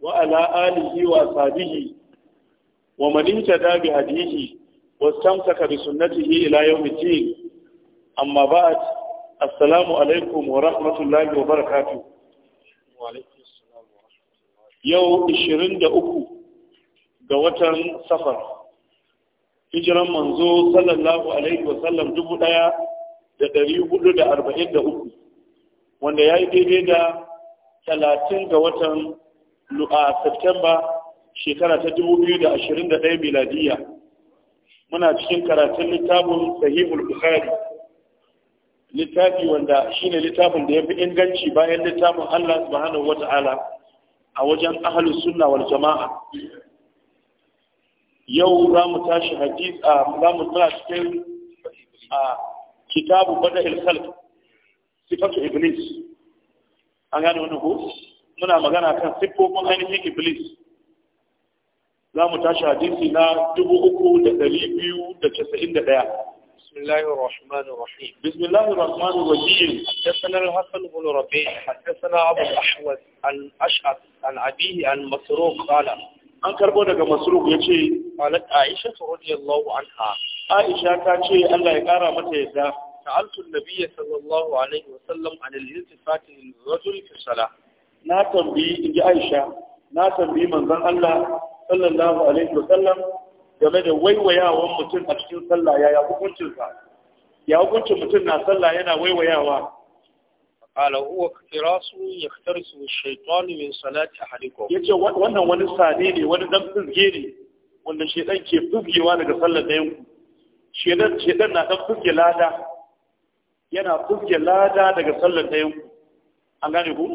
wa ala alihi wa sahbihi wa man intada bi hadihi wa stamsaka bi sunnatihi ila yawm al-din amma ba'd assalamu alaikum wa rahmatullahi wa barakatuh yau 23 ga watan safar hijran manzo sallallahu alaihi wa sallam 1443 wanda yayi daidai da talatin ga watan Septemba shekara ta 2021 miladiya muna cikin karatun littafin sahihul bukhari littafi wanda shine littafin da ya fi inganci bayan littafin Allah subhanahu Ta'ala, a wajen ahalus sunna wal jama'a yau za mu tashi hadis a za mu tsara cikin a kitabu bada khalq sifatu iblis an gane wani ko muna magana kan siffofin ainihin iblis za mu tashi hadisi na dubu uku da ɗari biyu da casa'in da ɗaya بسم حدثنا الحسن بن ربيع حدثنا أبو عن عن عن مسروق قال an karbo daga masruk ya ce aisha radiyallahu anha aisha ta ce Allah ya kara mata yadda النبي صلى الله عليه وسلم عن al للرجل في الصلاة ناتم بي na tambayi ناتم Aisha na tambayi manzon Allah الله عليه وسلم game da waiwayawan mutum a cikin sallah ya hukuncin mutum na sallah yana waiwayawa ala huwa kirasu yaktarisu shaytan min salati ahadikum yace wannan wani sane ne wani dan fizge ne wanda shedan ke fizgewa daga sallar da yanku shedan shedan na dan fizge lada yana kuke lada daga sallar ta yanku, an gane ku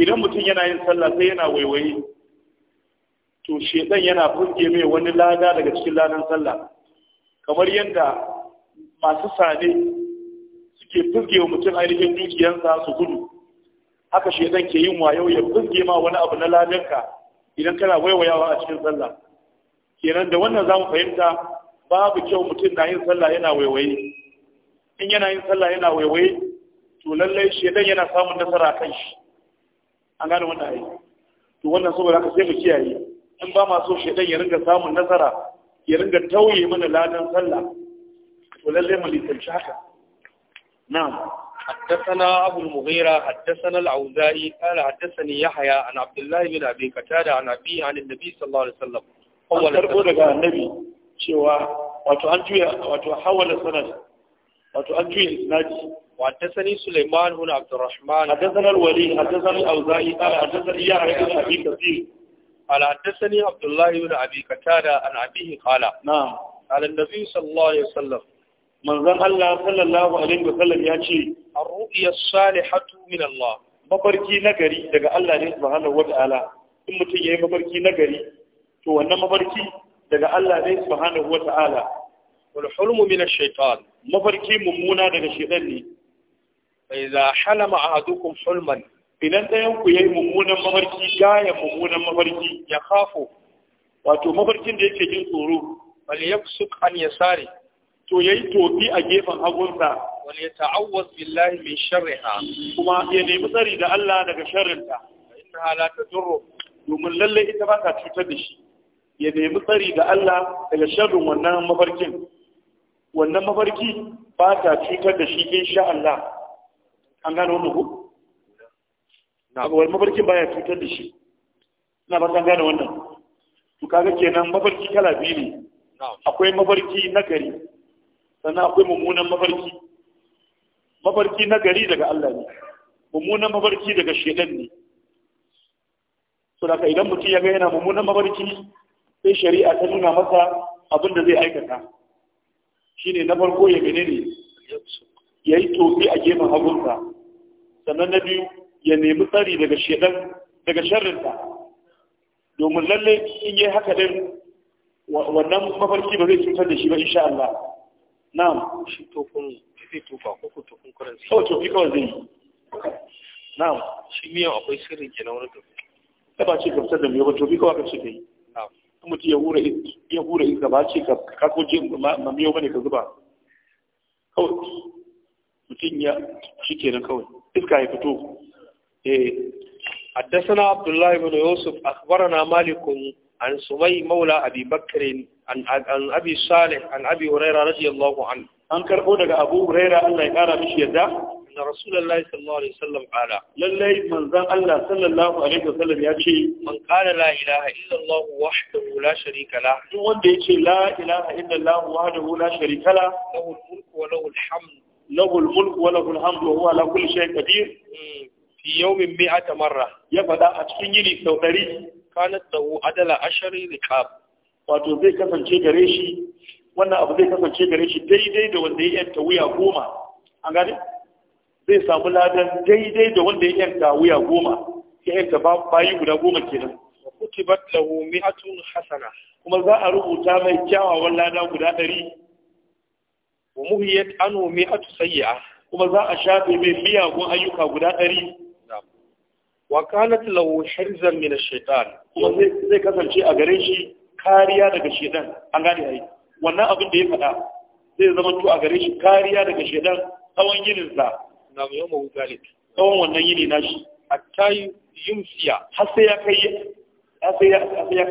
idan mutum yana yin sallah sai yana waiwaye to shedan yana kuke mai wani lada daga cikin ladan sallah kamar yadda masu sane suke fuske wa mutum ainihin dukiyansa su gudu haka shedan ke yin wayo ya fuske ma wani abu na ladanka idan kana waiwayawa a cikin sallah kenan da wannan zamu fahimta babu kyau mutum na yin sallah yana waiwaye in yana yin sallah yana waiwaye to lallai shedan yana samun nasara kan shi an gane wannan ayi to wannan saboda haka sai mu kiyaye in ba ma so shedan ya ringa samun nasara ya ringa tauye mana ladan sallah to lallai mu lisanci haka na'am حدثنا أبو المغيرة حدثنا العوزائي قال حدثني يحيى عن عبد الله بن أبي قتادة عن أبي عن النبي صلى الله عليه وسلم أول سنة النبي cewa وتحول سنة wato an juye isnadi وحدثني سليمان بن عبد الرحمن حدثنا الولي حدثنا الأوزاعي قال حدثنا إياه بن أبي كثير قال حدثني عبد الله بن أبي قتادة عن أبيه قال نعم قال النبي صلى الله عليه وسلم من ذن الله صلى الله عليه وسلم يأتي الرؤيا الصالحة من الله mafarki nagari daga Allah ne subhanahu wata'ala in mutum yayi mafarki nagari to wannan mafarki daga Allah ne subhanahu wata'ala wal hulmu min ash mafarki mummuna daga shaytan ne fa idza halama ahadukum hulman idan ɗayan ku yayi mummunan mafarki gaya mummunan mafarki ya khafo wato mafarkin da yake jin tsoro bal yaksuk an yasari to yayi tofi a gefen hagunsa wal yata'awwaz billahi min sharriha kuma ya nemi tsari da Allah daga sharrinta innaha la tadurru domin lallai ita ba ta cutar da shi ya nemi tsari da Allah daga sharrin wannan mafarkin wannan mafarki ba ta cutar da shi insha Allah an gano wannan ku na wannan ba baya cutar da shi ina ba san gane wannan to kaga kenan mafarki kala biyu ne akwai mafarki nagari sannan akwai mummunan mafarki mafarki nagari daga Allah ne mummunan mafarki daga shedan ne so idan mutum ya ga yana mummunan mafarki sai shari'a ta nuna masa abin da zai aikata shine na farko ya menene ya yi tofi a gefen hagunsa sannan na biyu ya nemi tsari daga shedan daga sharrinsa domin lalle in yi haka din wannan mafarki ba zai cutar da shi ba insha Allah na'am shi tofin zai tofa ko ku tofin kuranci kawai tofi kawai zai yi na'am shi miyan akwai sirrin na wani tofi ta ba ce gamsar da miyan tofi kawai ka ce yi na'am mutum ya hura ya hura iska ba ce ka kako je mamiyo bane ka zuba kawai mutum ya shi nan kawai iska ya fito eh حدثنا عبد الله بن يوسف أخبرنا مالك عن سمي مولى أبي بكر عن, أبي صالح عن أبي هريرة رضي الله عنه أنكر أولك أبو هريرة أن يقال مش da. أن رسول الله صلى الله عليه وسلم قال للي من ذا الله صلى الله عليه وسلم يأتي من قال لا إله إلا الله وحده لا شريك له من يأتي لا إله إلا الله وحده لا شريك له له الملك وله الحمد له الملك وله الحمد وهو على كل شيء قدير في يوم مئة مرة يبدأ أتكيني سوطري كانت له عدل عشر رقاب wato zai kasance gare shi wannan abu zai kasance gare shi daidai da wanda ya yanta wuya goma an gane zai samu ladan daidai da wanda ya yanka wuya goma ya yanka bayi guda goma kenan wa kutibat lahu mi'atun hasana kuma za a rubuta mai kyawawan lada guda ɗari wa muhiyat anhu mi'atu sayyi'a kuma za a shafe mai miyagun ayyuka guda ɗari wa kanat lahu hirzan min ash-shaytan kuma zai kasance a gare shi kariya daga shedan an gane ai wannan abin da ya faɗa zai zama to a gare shi kariya daga shaidan tsawon yininsa na mu yawma zalik tsawon wannan yini nashi A yumsiya har sai ya kai ya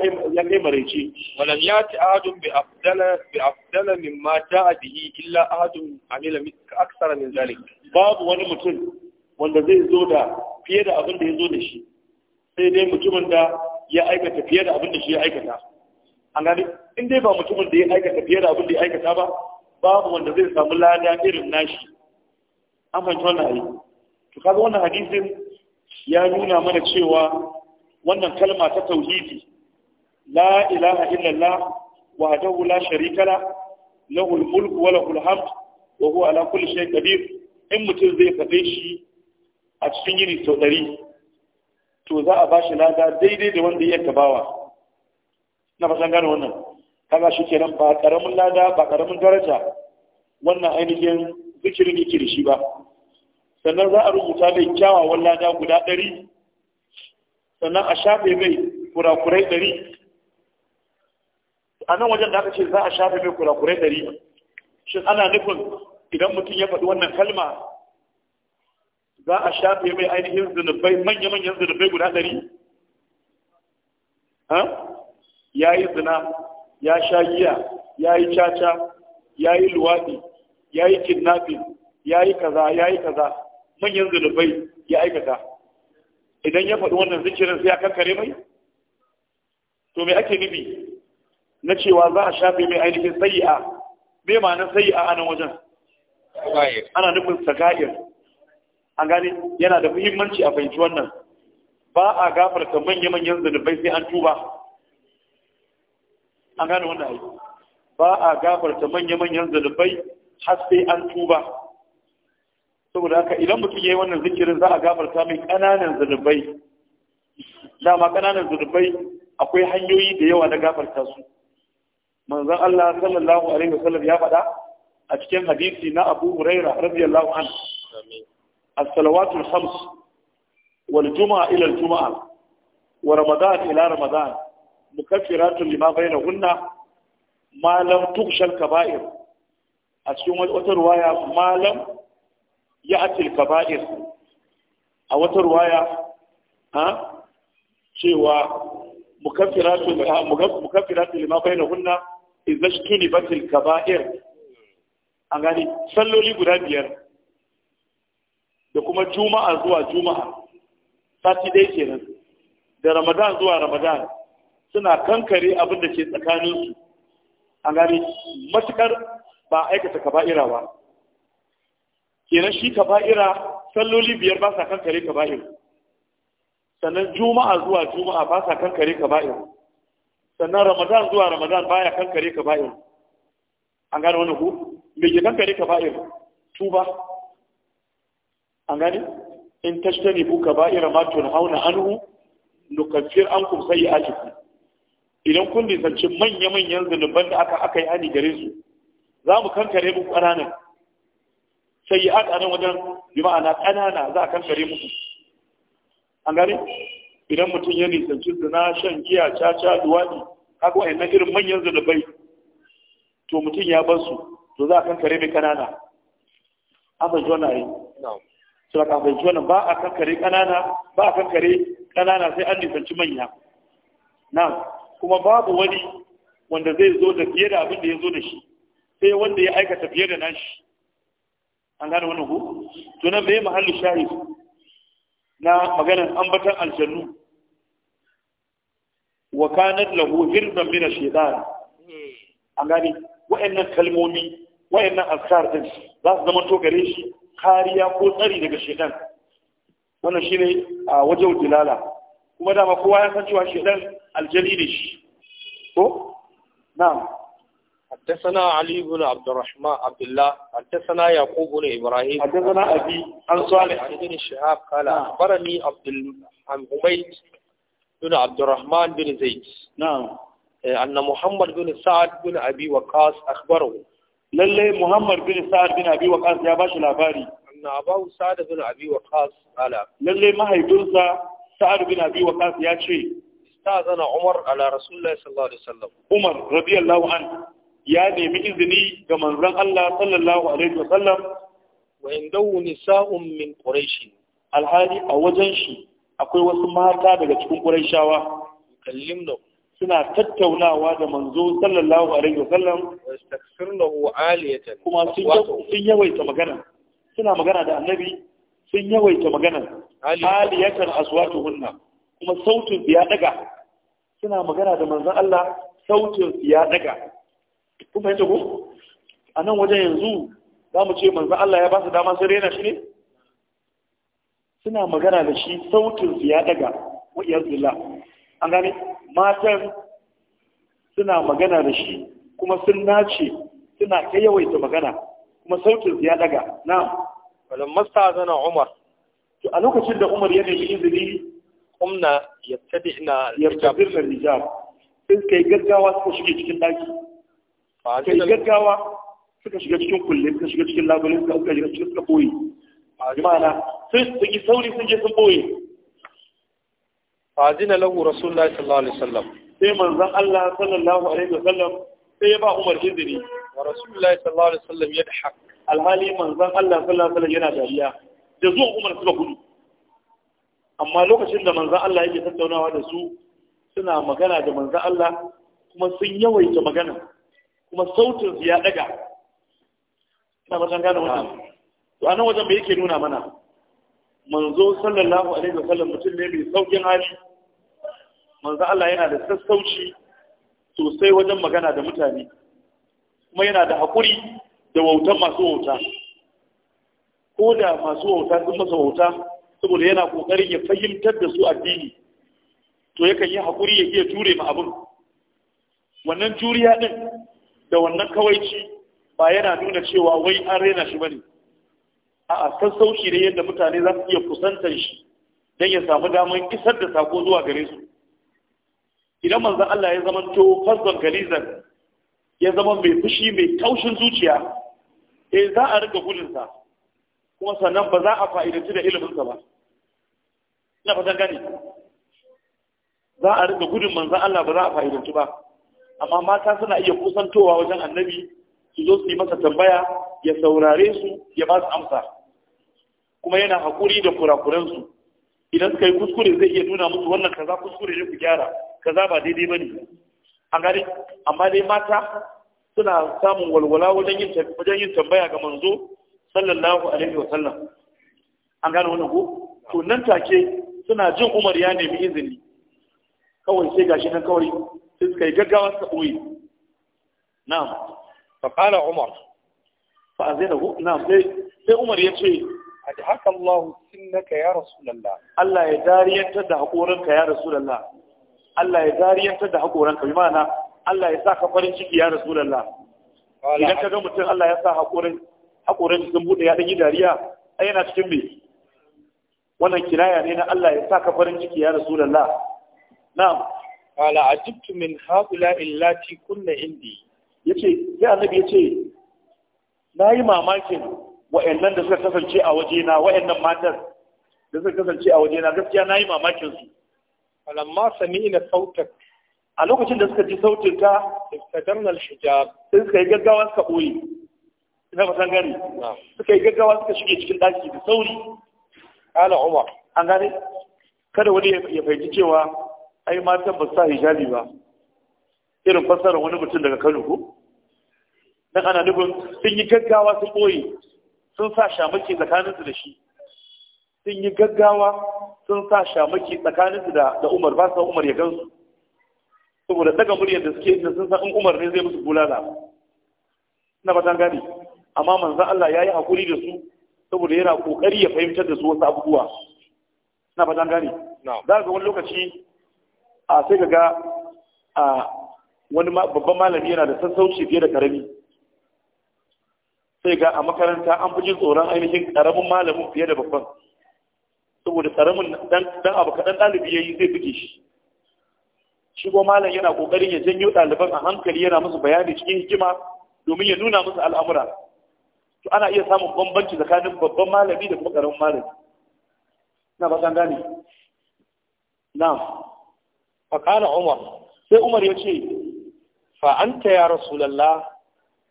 kai maraice wadda ya ci ahadun bi afdala min mata a bihi illa ahadun amila aksara min zalik babu wani mutum wanda zai zo da fiye da abin da ya zo da shi sai dai mutumin da ya aikata fiye da abin da shi ya aikata an gani in dai ba mutumin da ya aikata fiye da abin da ya aikata ba babu wanda zai samu lada irin nashi an fahimci wannan ayi to kaga wannan hadisin ya nuna mana cewa wannan kalma ta tauhidi la ilaha illallah wahdahu la sharika la lahu al-mulk wa lahu al-hamd wa huwa ala kulli shay'in qadir in mutum zai fade shi a cikin yini sau ɗari to za a bashi lada daidai da wanda ya tabawa na fasan gane wannan kaga shi kenan ba karamin lada ba karamin daraja wannan ainihin zikirin yake da shi ba sannan za a rubuta mai kyawawan lada guda ɗari sannan a shafe mai kurakurai ɗari a nan wajen da aka ce za a shafe mai kurakurai ɗari shin ana nufin idan mutum ya faɗi wannan kalma za a shafe mai ainihin zunubai manya-manyan zunubai guda ɗari ya yi zina ya sha giya ya yi caca ya yi luwaɗi ya yi kidnapping ya yi kaza ya yi kaza manyan zunubai ya aikata idan ya faɗi wannan zikirin sai ya kankare mai to me ake nufi na cewa za a shafe mai ainihin sayi'a me ma'anar sayi'a a nan wajen ana nufin saka'ir an gane yana da muhimmanci a fahimci wannan ba a gafarta manya-manyan zunubai sai an tuba an gane wannan aiki ba a gafarta manya-manyan zunubai har sai an tuba saboda haka idan mutum yi wannan zikirin za a gafarta mai ƙananan zunubai dama ƙananan zunubai akwai hanyoyi da yawa na gafarta su manzon Allah sallallahu alaihi wasallam ya faɗa a cikin hadisi na Abu huraira radiyallahu anhu as-salawatul khams wal jumu'a ila al-jumu'a wa ramadan ila ramadan mukaffiratun lima bainahunna ma lam tughshal kaba'ir a cikin wata ruwaya malam ya atil kaba'ir a wata ruwaya ha cewa mukaffiratu lima hunna idza batil kaba'ir an gani salloli guda biyar da kuma juma'a zuwa juma'a sati dai kenan da ramadan zuwa ramadan suna kankare abin da ke tsakaninsu an gani matukar ba aikata kaba'ira ba kenan shi kaba'ira salloli biyar ba sa kankare kaba'ir sannan juma'a zuwa juma'a ba sa kankare kaba'ir sannan ramadan zuwa ramadan baya kankare kaba'ir an gane wani ku me ke kankare tu tuba an gane in tashtani bu kaba'ira ma tunhauna anhu nukaffir yi sayyi'atikum idan kun nisanci manya-manyan zunuban da aka aka yi hani gare su za mu kankare muku ƙananan sai yi haka nan wajen bi ma'ana ƙanana za a kankare muku an gari idan mutum ya nisanci zina shan giya caca duwadi haka yana irin manyan zunubai to mutum ya bar su to za a kankare mai ƙanana an fahimci yi. ayi sai ka ba a kankare ƙanana ba a kankare ƙanana sai an nisanci manya na kuma babu wani wanda zai zo da fiye da abin da ya zo da shi sai wanda ya aikata fiye da nashi an gane wannan ku nan bai mahallu shahid na maganar ambatan aljannu wa kanat lahu hirban min ash-shaytan an gane wayannan kalmomi wayannan azkar din za su zama to gare shi kariya ko tsari daga shaytan wannan shine a wajen dilala kuma dama kowa ya san cewa shaytan aljali ne shi ko na'am حدثنا علي بن عبد الرحمن عبد الله حدثنا يعقوب بن ابراهيم حدثنا ابي عن صالح بن شهاب قال اخبرني عبد عن حميد بن عبد الرحمن بن زيد نعم ان محمد بن سعد بن ابي وقاص اخبره للي محمد بن سعد بن ابي وقاص يا باشا لاباري ان اباه سعد بن ابي وقاص قال للي ما هيدرسا سعد بن ابي وقاص يا شيء استاذنا عمر على رسول الله صلى الله عليه وسلم عمر رضي الله عنه ya nemi izini ga manzon Allah sallallahu alaihi Sallam. wa indahu nisa'un min quraish alhali a wajen shi akwai wasu mata daga cikin quraishawa kallimna suna tattaunawa da manzo sallallahu alaihi wasallam wastaghfirnahu aliyatan kuma sun yawaita magana suna magana da annabi sun yawaita magana aliyatan aswatuhunna kuma sautin ya daga suna magana da manzon Allah sautin ya daga kun fahimta ko a nan wajen yanzu za mu ce manzo Allah ya ba su dama su rena shi ne suna magana da shi sautin su ya daga wa iyazillah an gane matan suna magana da shi kuma sun nace suna ta yawaita magana kuma sautin su ya daga na'am walamma sta'zana umar to a lokacin da umar ya nemi izini umna yattabi'na yartabirna rijal sai kai gaggawa suka shige cikin daki kai gaggawa suka shiga cikin kulle suka shiga cikin labarin, suka suka shiga cikin suka boye a jima'ana yi sauri sun je sun boye fadina lahu rasulullahi sallallahu alaihi wasallam sai manzon Allah sallallahu alaihi wasallam sai ya ba Umar izini wa rasulullahi sallallahu alaihi wasallam ya dhak alhali manzon Allah sallallahu alaihi wasallam yana dariya da zuwa Umar suka gudu amma lokacin da manzon Allah yake tattaunawa da su suna magana da manzon Allah kuma sun yawaita magana kuma sautin ya daga ina ba san gane wannan to anan wajen bai yake nuna mana manzo sallallahu alaihi wa sallam mutum ne mai saukin hali manzo Allah yana da sassauci sosai wajen magana da mutane kuma yana da haƙuri da wautan masu wauta ko da masu wauta sun masa wauta saboda yana kokarin ya fahimtar da su addini to yakan yi hakuri ya iya jure ma abin wannan juriya din? da wannan kawaici ba yana nuna cewa wai an rena shi bane a sassauci ne yadda mutane za su iya kusantar shi don ya samu damar isar da sako zuwa gare su idan manzan Allah ya zama to fasdon galizan ya zama mai fushi mai taushin zuciya eh za a riga gudunsa kuma sannan ba za a fa'idanci da iliminsa ba ina fatan gani za a riga gudun manzan Allah ba za a fa'idanci ba amma mata suna iya kusantowa wajen annabi su zo su yi masa tambaya ya saurare su ya ba su amsa kuma yana haƙuri da kurakuransu idan suka yi kuskure zai iya nuna musu wannan kaza kuskure ne ku gyara kaza ba daidai ba ne an gari amma dai mata suna samun walwala wajen yin tambaya ga manzo sallallahu alaihi wa sallam an gane wannan ko to nan take suna jin Umar ya nemi izini kawai sai gashi nan kawai sai suka yi gaggawa suka ɓoye na'am fa qala umar fa azinahu na'am sai sai umar ya ce haka Allah sinnaka ya rasulullah Allah ya dariyantar da hakoranka ya rasulullah Allah ya dariyantar da hakoranka bi ma'ana Allah ya saka farin ciki ya rasulullah idan ka ga mutum Allah ya sa hakoran hakoran sun bude ya dan yi dariya ai yana cikin me wannan kinaya ne na Allah ya saka farin ciki ya rasulullah na'am a ajibtu min haula illati kunna indi Ya ce, sai annabi na yi mamakin wa'annan da suka kasance a waje na wa'annan matan da suka kasance a waje na gaskiya mamakin su sami ina sautar a lokacin da suka ji sautin ta suka al-hijab sai suka yi gaggawa suka ɓoye. ina ba gani suka yi gaggawa suka shige cikin ɗaki da sauri qala umar an gane kada wani ya fahimci cewa ai matan ba sa hijabi ba irin fassara wani mutum daga Kano ko dan ana nufin sun yi gaggawa sun koyi sun sa shamaki tsakanin su da shi sun yi gaggawa sun sa shamaki tsakanin su da Umar ba sa Umar ya gansu saboda daga muryar da suke da sun san Umar ne zai musu bulala na fatan gani amma manzon Allah ya yi hakuri da su saboda yana kokari ya fahimtar da su wasu abubuwa na fatan gani za ga wani lokaci a sai ga a wani babban malami yana da sassauci fiye da karami sai ga a makaranta an fi jin tsoron ainihin karamin malamin fiye da babban saboda karamin dan abu kaɗan ɗalibi ya yi zai buge shi shi ko malam yana ƙoƙarin ya janyo ɗaliban a hankali yana musu bayani cikin hikima domin ya nuna musu al'amura to ana iya samun bambanci tsakanin babban malami da kuma ƙaramin malami na ba gane na'am faƙala umar sai umar ya ce fa'anta ya rasulallah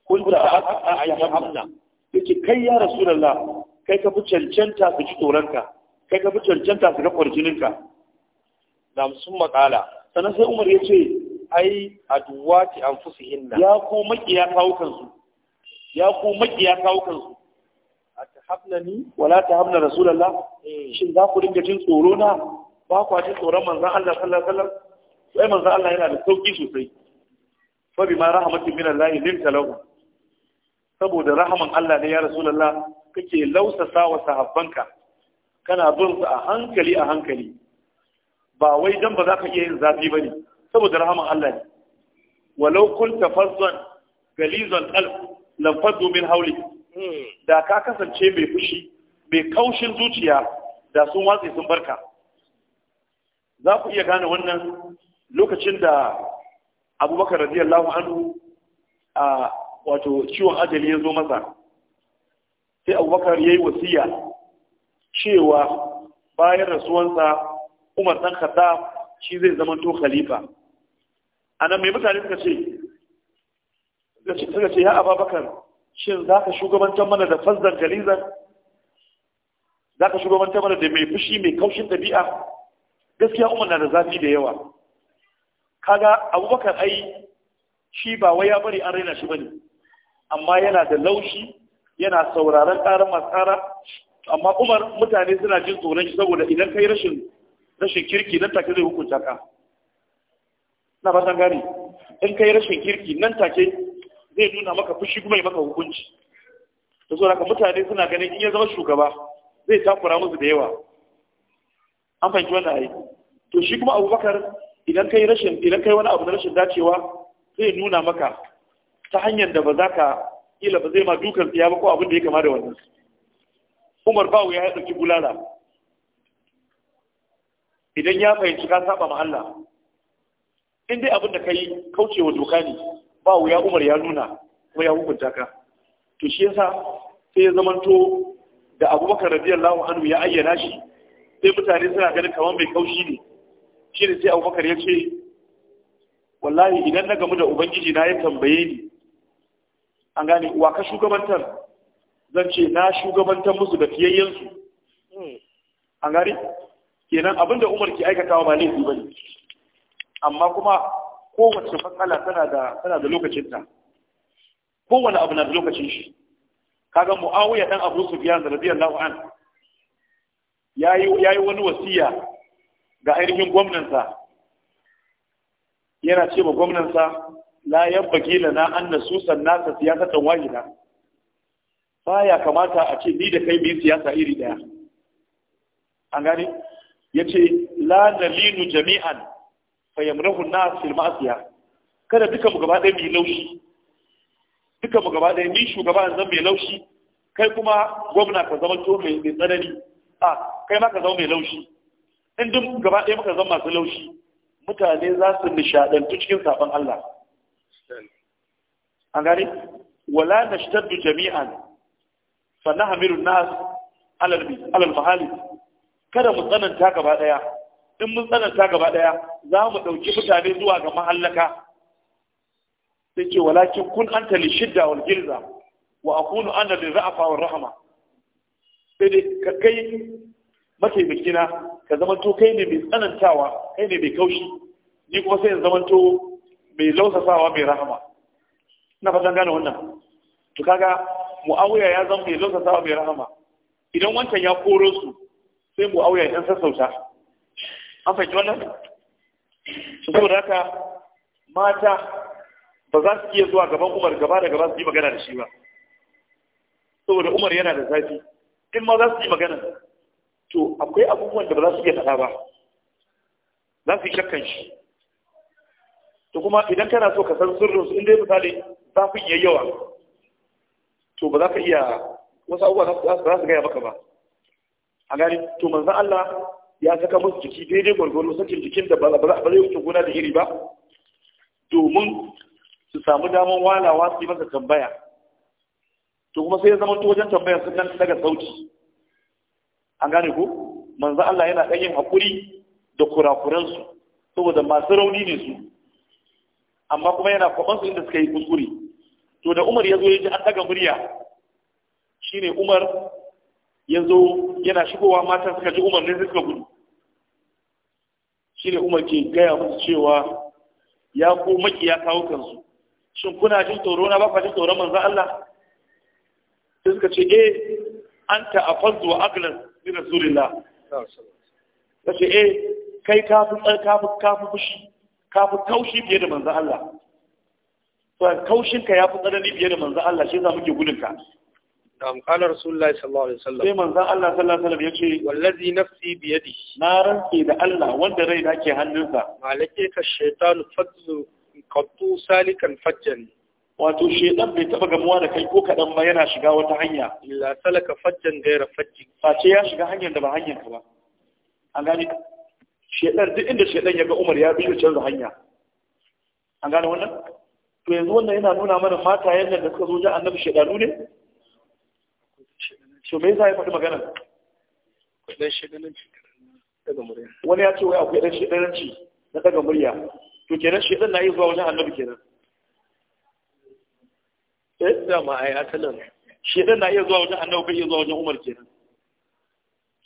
kulta a ayyan hamna ya ce kai ya rasulallah kai ka fi cancanta su ji tsoronka kai ka fi cancanta su ga kwarjininka da sun maƙala sannan sai umar ya ce ai aduwa ki an fusu hinna ya ko maƙiya kawo kansu ya ko maƙiya kawo kansu a ta hafna ni wala ta hafna rasulallah shin za ku dinga jin tsoro na ba ku jin tsoron manzan Allah sallallahu alaihi wasallam sai manzo Allah yana da sauki sosai fa bima rahmatin min Allah lin talahu saboda rahaman Allah ne ya rasulullah kake lausasa wa sahabbanka kana bin su a hankali a hankali ba wai dan ba za ka iya yin zafi ba ne, saboda rahaman Allah ne walau kunta fazzan galizan alf lan fadu min hawli hmm. da ka kasance mai fushi mai kaushin zuciya da sun watsi sun barka za ku iya gane wannan lokacin da abubakar radiyallahu anhu a wato ciwon ajali ya zo masa sai abubakar ya yi wasiya cewa bayan rasuwansa umar ɗan kada shi zai zama to khalifa a nan mai mutane suka ce suka ce ya ababakar shin za ka shugabantar mana da fazzar galizar za ka shugabantar mana da mai fushi mai kaushin ɗabi'a gaskiya umar na da zafi da yawa kaga abubakar ai shi ba wai ya bari an raina shi bane amma yana da laushi yana sauraron ƙarar masu ƙara amma umar mutane suna jin tsoron shi saboda idan kai rashin rashin kirki nan take zai hukunta ka na ba gane. in kai rashin kirki nan take zai nuna maka fushi kuma ya maka hukunci to so haka mutane suna ganin in ya zama shugaba zai takura musu da yawa an fahimci wannan ai to shi kuma abubakar idan kai rashin idan kai wani abu na rashin dacewa zai nuna maka ta hanyar da ba za ka kila ba zai ma dukan tsaya ba ko abin da ya kama da wannan Umar Bawu ya ɗauki bulala idan ya fahimci ka saba ma Allah in dai abin da kai wa doka ne ba wuya Umar ya nuna kuma ya hukunta ka to shi yasa sai ya zamanto da Abubakar radiyallahu anhu ya ayyana shi sai mutane suna ganin kamar mai kaushi ne shi da sai abubakar ya ce wallahi idan na gamu da ubangiji na ya tambaye ni an gane wa ka shugabantar zan ce na shugabantar musu da fiyayyensu an gane kenan abinda umar ke aikatawa ba laifi ba ne amma kuma kowace matsala tana da lokacinta kowane abu na da lokacin shi kaga muawiya dan abu sufyan radiyallahu an Ya yayi wani wasiya ga ainihin gwamnansa yana ce ma gwamnansa la yabbaki na an susan nasa siyasatan wahida ya kamata a ce ni da kai biyu siyasa iri daya an Ya ce, la nalinu jami'an fa yamrahu an silma fil kada duka mu gaba ɗaya mai laushi duka mu gaba ɗaya ni shugaba zan mai laushi kai kuma gwamna ka zama to mai tsanani a kai ma ka zama mai laushi in duk gaba ɗaya muka zama masu laushi mutane za su nishaɗantu cikin sabon Allah an gane wala nashtaddu jami'an sannan hamirun nas alal mahali kada mu tsananta gaba ɗaya in mun tsananta gaba ɗaya za mu ɗauki mutane zuwa ga mahallaka sai ce walakin kun anta tali shidda wal girza wa akunu ana li rahama. rahma sai dai kai mataimakina ka zamanto kai ne mai tsanantawa kai ne mai kaushi ni kuma sai in zamanto mai lausasawa mai rahama na fatan gane wannan to kaga mu'awiya ya zama mai lausasawa mai rahama idan wancan ya koro su sai mu'awiya ya sassauta an fahimci wannan su saboda haka mata ba za su iya zuwa gaban umar gaba da gaba su yi magana da shi ba saboda umar yana da zafi in ma za su yi magana to akwai abubuwan da ba za su iya faɗa ba za su yi shakkan shi to kuma idan kana so ka san sirrin su inda misali zafin ya yawa to ba za ka iya wasu abubuwa za su gaya maka ba a gani to manzan Allah ya saka musu jiki daidai gwargwaro sakin jikin da ba zai wuce gona da iri ba domin su samu damar walawa su yi masa tambaya to kuma sai ya zama wajen tambaya sun nan daga sauti an gane ku manzo Allah yana ɗan yin haƙuri da su saboda masu rauni ne su amma kuma yana su inda suka yi kuskure to da umar ya zo ya ji an daga murya shine umar ya zo yana shigowa matan suka ji umar ne suka gudu shine umar ke gaya musu cewa ya ko maki ya kawo kansu shin kuna jin tsoro na ba ku jin tsoron manzo Allah sai suka ce eh anta afazzu wa aglas bi rasulillah kace eh kai ka fi tsarka fushi kaushi da manzo Allah to kaushin ka ya fi tsanani fiye da manzo Allah shi yasa muke gudun ka rasulullahi sallallahu alaihi wasallam sai manzo Allah sallallahu alaihi wasallam yace wallazi nafsi bi yadihi na ranke da Allah wanda rai da ke hannunsa malake ka shaytanu fadlu qattu salikan fajjani. wato shedan bai taba gamuwa da kai ko kadan ba yana shiga wata hanya illa talaka fajjan gaira fajji face ya shiga hanyar da ba hanyar ka ba an gane shedan duk inda shedan ya ga Umar ya bi canza hanya an gane wannan to yanzu wannan yana nuna mana mata yadda da suka zo ji annabi shedanu ne to me yasa ya faɗi magana dan shedananci daga murya wani ya ce wai akwai dan shedananci na daga murya to kenan shedan na yi zuwa wajen annabi kenan eh dama ai talar shedan na iya zuwa wajen annabi bai iya zuwa wajen umar kenan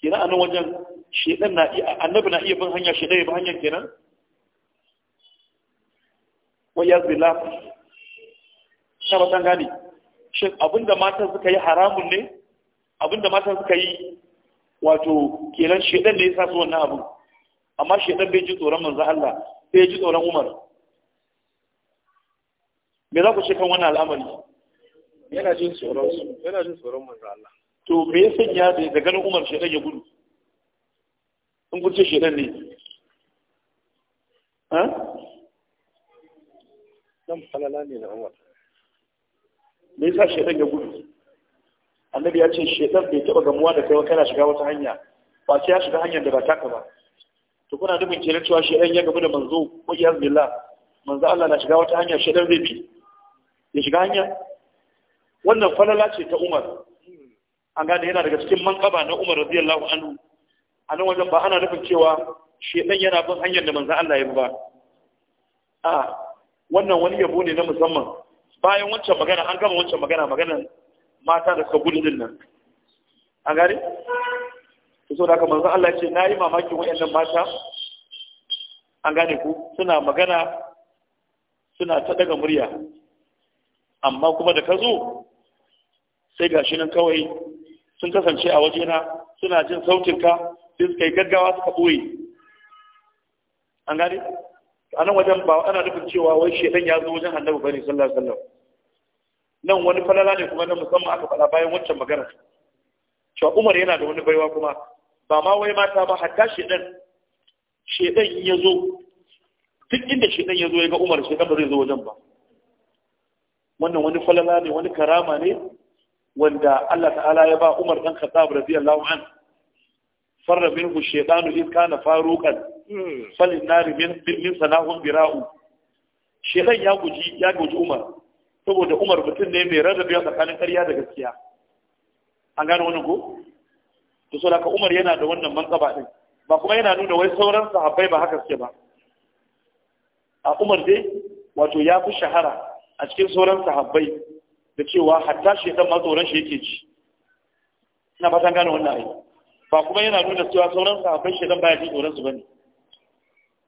kenan anan wajen shedan na iya annabi na iya bin hanya shedan ya bi hanyar kenan wai ya zila ta ba gane shin abinda matan suka yi haramun ne abinda matan suka yi wato kenan shedan ne ya sa su wannan abu amma shedan bai ji tsoron manzo Allah sai ya ji tsoron Umar me za ku ce kan wannan al'amari yana jin tsoron su yana jin tsoron manzo Allah to me ya sanya da da ganin Umar shedan ya gudu in kun ce shedan ne ha dan falala ne da Umar me yasa shedan ya gudu annabi ya ce shedan bai taba gamuwa da kai kana shiga wata hanya ba sai ya shiga hanyar da ba taka ba to kuna dubin kenan cewa shedan ya gamu da manzo ko iyaz billah manzo Allah na shiga wata hanya shedan zai bi ya shiga hanya wannan kwalala ce ta Umar an gane yana daga cikin manƙaba na Umar radiyallahu anhu a nan wajen ba ana nufin cewa shedan yana bin hanyar da manzon Allah ya ba a wannan wani yabo ne na musamman bayan wancan magana an gama wancan magana maganan mata da suka gudu din nan an gane to so da haka manzon Allah ya ce nayi mamakin wayannan mata an gane ku suna magana suna ta daga murya amma kuma da ka zo sai gashi nan kawai sun kasance a wajena suna jin sautinka sai suka yi gaggawa suka ɓoye an gane a nan wajen ba ana nufin cewa wai shedan ya zo wajen annabi bane sallallahu alaihi wasallam nan wani falala ne kuma na musamman aka faɗa bayan wancan magana cewa umar yana da wani baiwa kuma ba ma wai mata ba hatta shedan shedan ya zo duk inda shedan ya zo ya ga umar shedan ba zai zo wajen ba wannan wani falala ne wani karama ne wanda Allah ta'ala ya ba Umar dan Khattab radiyallahu an farra minhu shaytanu iz kana faruqan hmm. falin nari min min sanahum bira'u shaytan ya guji ya guji Umar saboda Umar mutum ne mai rarrabewa tsakanin ƙarya da gaskiya an gane wannan ko to so ka Umar yana da wannan mankaba din ba kuma yana nuna wai sauran sahabbai ba haka suke ba a Umar dai wato ya fi shahara a cikin sauran sahabbai da cewa hatta shekan ma tsoron shi yake ci ina fatan gane wannan ayi ba kuma yana nuna cewa sauran sahabbai da baya ji tsoron su bane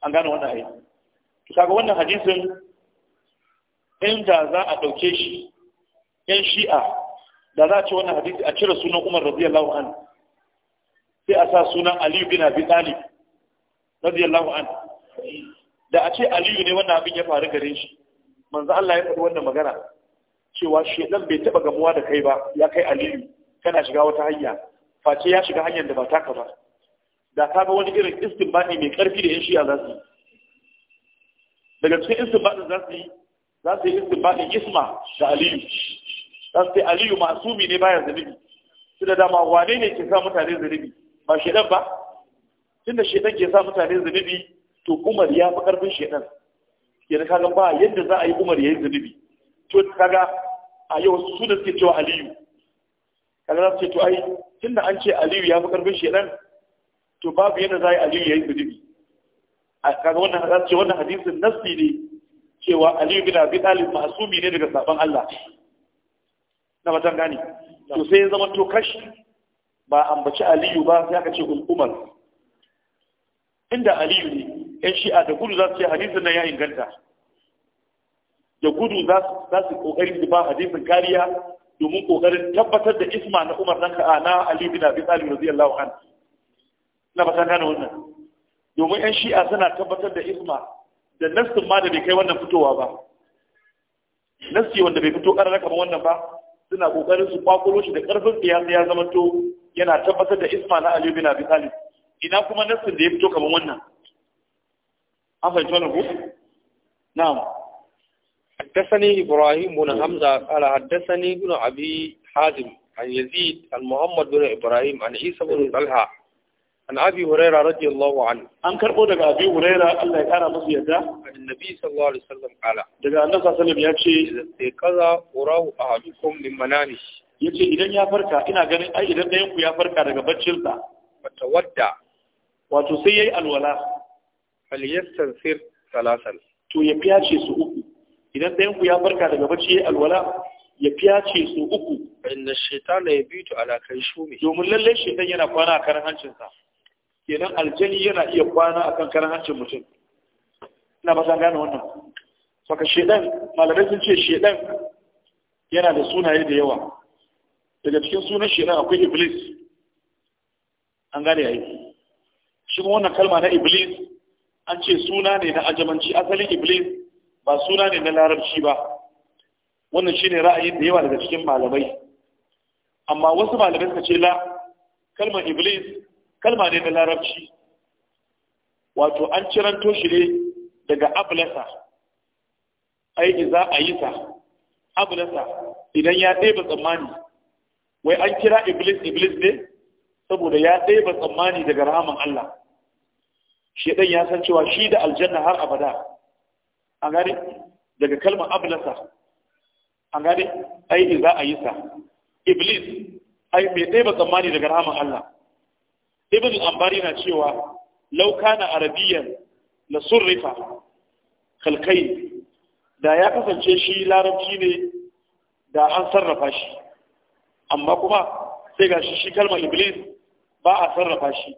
an gane wannan ayi to kaga wannan hadisin inda za a dauke shi yan shi'a da za a ce wannan hadisi a cire sunan Umar radiyallahu anhu sai a sa sunan Ali bin Abi Talib radiyallahu anhu da a ce Aliyu ne wannan abin ya faru gare shi manzo Allah ya faɗi wannan magana cewa shedan bai taba gamuwa da kai ba ya kai aliyu kana shiga wata hanya face ya shiga hanyar da ba taka ba da ka ga wani irin istinbadi mai karfi da yan shiya za su yi daga cikin istinbadin za su yi za su yi istinbadin isma da aliyu za su yi aliyu masumi ne baya zunubi su da dama wane ne ke sa mutane zunubi ba shedan ba tunda shedan ke sa mutane zunubi to umar ya fi karfin shedan yadda kaga ba yadda za a yi umar ya yi zunubi to kaga a yau su da suke cewa aliyu kaga za su ce to ai tunda an ce aliyu ya fi karfin nan, to babu yadda za a yi aliyu ya yi a kaga wannan za su ce wannan hadisin nasi ne cewa aliyu bin abi talib masumi ne daga sabon Allah na matan gani to sai ya zama to kashi ba ambaci aliyu ba sai aka ce umar inda aliyu ne yan shi'a da gudu za su ce hadisin nan ya inganta da gudu za su kokari su ba hadisin kariya domin kokarin tabbatar da isma na Umar na ka'a na Ali bin Abi Talib radiyallahu anhu na ba san wannan domin yan shi'a suna tabbatar da isma da nassin ma da bai kai wannan fitowa ba nassi wanda bai fito ƙarar kamar wannan ba suna kokarin su kwakulo shi da karfin kiyasa ya zama to yana tabbatar da isma na Ali bin Abi Talib ina kuma nassin da ya fito kamar wannan an fahimci wannan ku? na'am حدثني إبراهيم بن حمزة قال حدثني بن أبي حازم عن يزيد عن محمد بن إبراهيم عن عيسى بن طلحة عن أبي هريرة رضي الله عنه أن كربو دقى أبي هريرة الله كان مصير ده عن النبي صلى الله عليه وسلم قال دقى النبي صلى الله عليه وسلم يأتي إذا استيقظ أراه أحدكم من منامه yace idan ya farka ina ganin ai idan ɗayan ku ya farka daga baccin sa wata wadda wato sai yayi alwala fal yastansir salasan to ya fiyace su uku idan ɗayan ku ya farka daga bacci alwala ya fiyace su uku inna bi yabitu ala kai shumi domin lalle shaitan yana kwana a karan hancin sa kenan aljani yana iya kwana a kan karan hancin mutum ina ba zan gane wannan saka shaitan malamai sun ce shaitan yana da sunaye da yawa daga cikin sunan shaitan akwai iblis an gane yayi shi wannan kalma na iblis an ce suna ne na ajamanci asalin iblis ba suna ne na larabci ba wannan shine ra'ayin da yawa daga cikin malamai amma wasu malamai suka ce la kalmar iblis kalma ne na larabci wato an ciranto shi ne daga ablasa Aiki, za a yi sa ablasa idan ya ɗeba tsammani wai an kira iblis iblis ne saboda ya ɗeba tsammani daga rahaman Allah ɗan ya san cewa shi da aljanna har abada an gane daga kalmar ablasa an gane ai za a yi sa iblis ai mai ɗaya ba tsammani daga rahaman Allah ibn al-ambari na cewa law kana arabiyyan la surrifa kalkai da ya kasance shi larabci ne da an sarrafa shi amma kuma sai ga shi shi kalmar iblis ba a sarrafa shi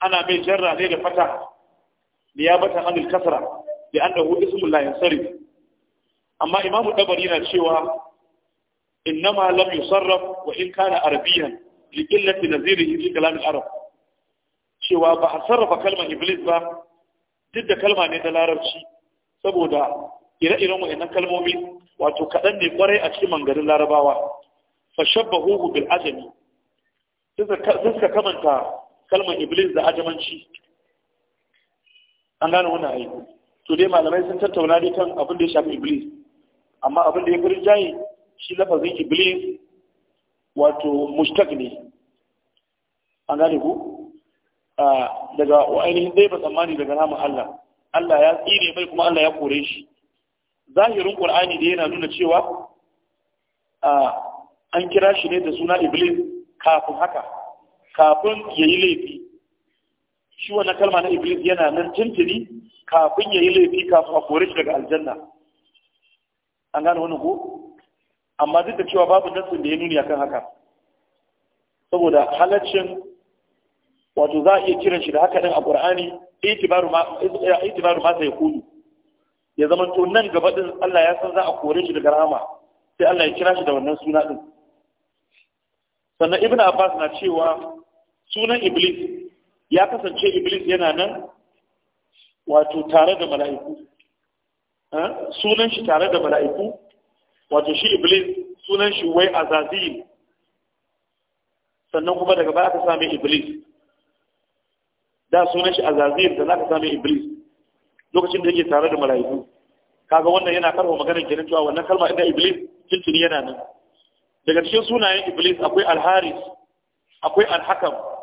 ana mai jarra ne da fata da ya bata anil kasra da annahu ismul la yansarif amma imamu dabari na cewa innama lam yusarraf wa in kana arabiyan li illati nazirihi fi kalam al-arab cewa ba a sarrafa kalmar iblis ba duk da kalma ne da larabci saboda ire-iren wayannan kalmomi wato kaɗan ne kwarai a cikin mangarin larabawa fa shabbahuhu bil ajami suka kamanta kalmar iblis da ajamanci an gane wannan aiki to dai malamai sun tattauna dai kan abin da ya shafi iblis amma abin da ya fi rinjaye shi lafazin iblis wato mushtaq ne an gane ku daga ainihin zai ba tsammani daga namun Allah Allah ya tsire mai kuma Allah ya kore shi zahirin qur'ani da yana nuna cewa an kira shi ne da suna iblis kafin haka kafin ya yi laifi shi wannan kalma na iblis yana nan tuntuni kafin ya yi laifi kafin a kore shi daga aljanna an gane wani ko amma duk da cewa babu nassin da ya nuni akan haka saboda halaccin wato za a iya kiran shi da haka din a qur'ani itibaru ma itibaru sai kulu ya zama to nan gaba din Allah ya san za a kore shi daga rahama sai Allah ya kira shi da wannan suna din sannan ibnu abbas na cewa sunan iblis ya kasance iblis yana nan wato tare da mala'iku sunan shi tare da mala'iku wato shi iblis sunan shi wai azazil sannan kuma daga baya ka same iblis da sunan shi azazil da za ka same iblis lokacin da yake tare da mala'iku kaga wannan yana karfa maganar kenan cewa wannan kalma ina iblis tuntuni yana nan daga cikin sunayen iblis akwai alharis akwai alhakam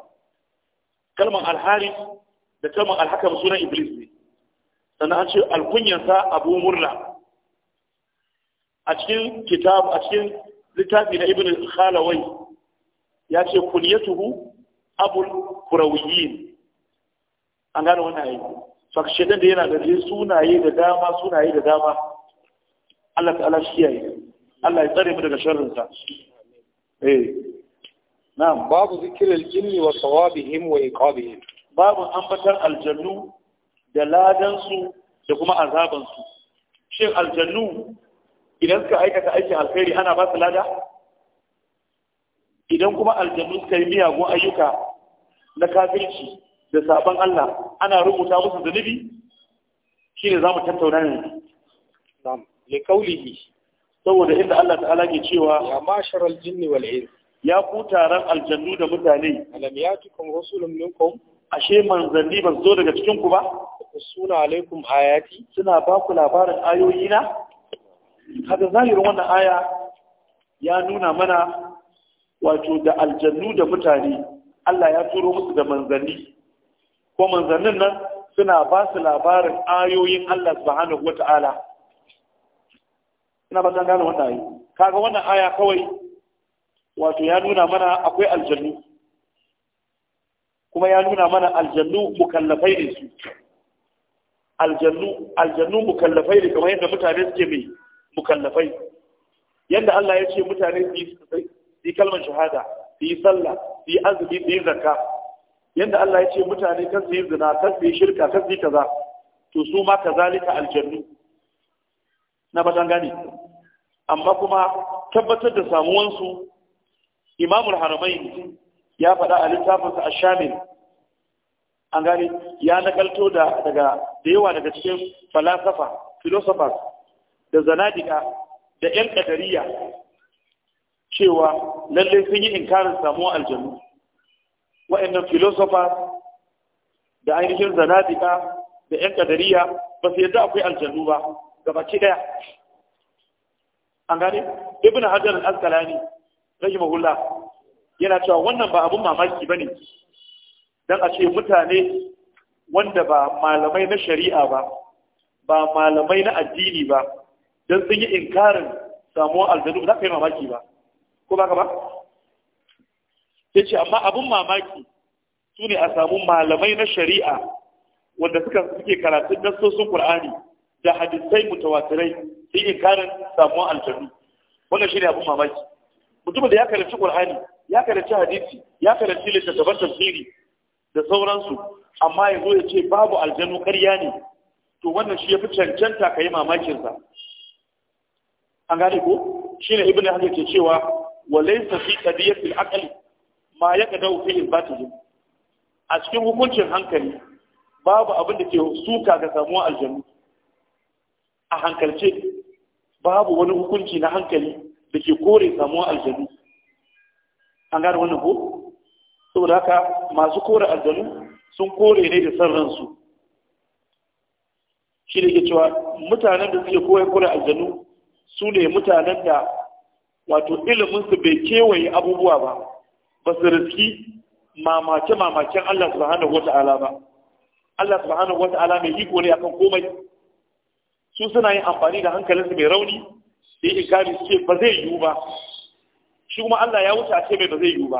kalmar alharis da kalmar alhakam sunan iblis ne sannan an ce alkunyarsa abu murna a cikin kitab a cikin littafi na ibn khalawai ya ce kunyatuhu abul kurawiyyin an gane wannan ayi saka shedan da yana da sunaye da dama sunaye da dama Allah ta'ala shi yayi Allah ya tsare mu daga sharrin sa eh na'am babu zikirin jinni wa sawabihim wa iqabihim babu ambatan aljannu da ladan su da kuma azaban su shin aljannu idan suka aikata aikin alkhairi ana ba su lada idan kuma aljannu suka yi miyagun ayyuka na kafirci da sabon Allah ana rubuta musu zunubi shine zamu tattauna ne na'am li qawlihi saboda inda Allah ta'ala ke cewa ya masharal jinni wal ins ya ku taron aljannu da mutane alam yatikum rasulun minkum ashe manzanni ba zo daga cikin ku ba suna alaikum ayati suna ba ku labarin ayoyi na kaga zahirin wannan aya ya nuna mana wato da aljannu da mutane Allah ya turo musu da manzanni ko manzannin nan suna ba su labarin ayoyin Allah subhanahu wata'ala ina ba gane wannan ayi kaga wannan aya kawai wato ya nuna mana akwai aljannu kuma ya nuna mana aljannu mukallafai ne su aljannu aljannu mukallafai ne kamar yadda mutane suke mai mukallafai yadda Allah ya ce mutane su yi kalmar shahada su yi sallah su yi azumi su yi zakka yadda Allah ya ce mutane kan su yi zina kan su yi shirka kan su yi kaza to su ma kazalika aljannu na ba gane amma kuma tabbatar da samuwansu imamul haramain ya faɗa a littafinsa a shamil an gani ya nakalto da daga da yawa daga cikin falasafa philosophers da zanadika da yan kadariya cewa lalle sun yi inkarin samuwa aljanu wa'annan philosophers da ainihin zanadika da yan kadariya ba su yadda akwai aljanu ba gabaki daya an gani ibn hajar al-asqalani rahimahullah yana cewa wannan ba abun mamaki bane dan a ce mutane wanda ba malamai na shari'a ba ba malamai na addini ba dan sun yi inkarin samuwar aljanu ba za ka yi mamaki ba ko ba ka ba ce amma abun mamaki su ne a samu malamai na shari'a wanda suka suke karatun nassosin Qur'ani da hadisai mutawatirai sun inkarin samuwar aljanu wannan shine abun mamaki mutumin da ya karanci qur'ani ya karanci hadisi ya karanci littattafan tafsiri da sauransu amma yanzu ya ce babu aljanu ƙarya ne to wannan shi ya fi cancanta ka yi mamakinsa an gane ko shi ne ibn hajar ke cewa wa laysa fi qadiyatil aqli ma yaqdau fi al a cikin hukuncin hankali babu abin da ke suka ga samuwa aljanu a hankalce babu wani hukunci na hankali da ke kore samuwa aljanu an gane wannan ko saboda haka masu kore aljanu sun kore ne da san ransu shi da ke cewa mutanen da suke koya kore aljanu su ne mutanen da wato iliminsu bai kewaye abubuwa ba ba su riski mamace-mamacen Allah subhanahu wata'ala ba Allah subhanahu wata'ala mai iko ne akan komai su suna yin amfani da hankalinsu mai rauni sai inkari su ce ba zai yiwu ba shi kuma Allah ya wuce a ce mai ba zai yiwu ba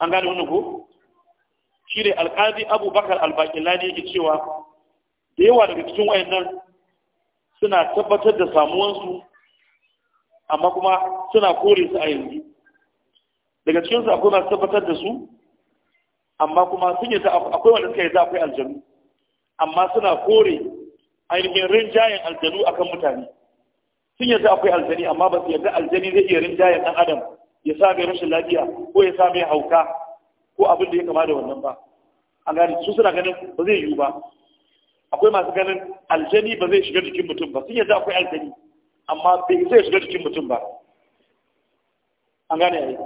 an gane wannan ko shi ne alƙazi abubakar ne yake cewa da yawa daga cikin wayannan suna tabbatar da samuwansu amma kuma suna kore su a yanzu daga cikinsu akwai masu tabbatar da su amma kuma sun yi akwai wanda suka yi akwai aljanu amma suna kore ainihin rinjayen aljanu akan mutane sun yanzu akwai aljani amma ba su yanzu aljani zai iya rinjayen ɗan adam ya sa mai rashin lafiya ko ya sa mai hauka ko abin da ya kama da wannan ba A gani su suna ganin ba zai yiwu ba akwai masu ganin aljani ba zai shiga jikin mutum ba sun yanzu akwai aljani amma bai zai shiga jikin mutum ba an gane yayi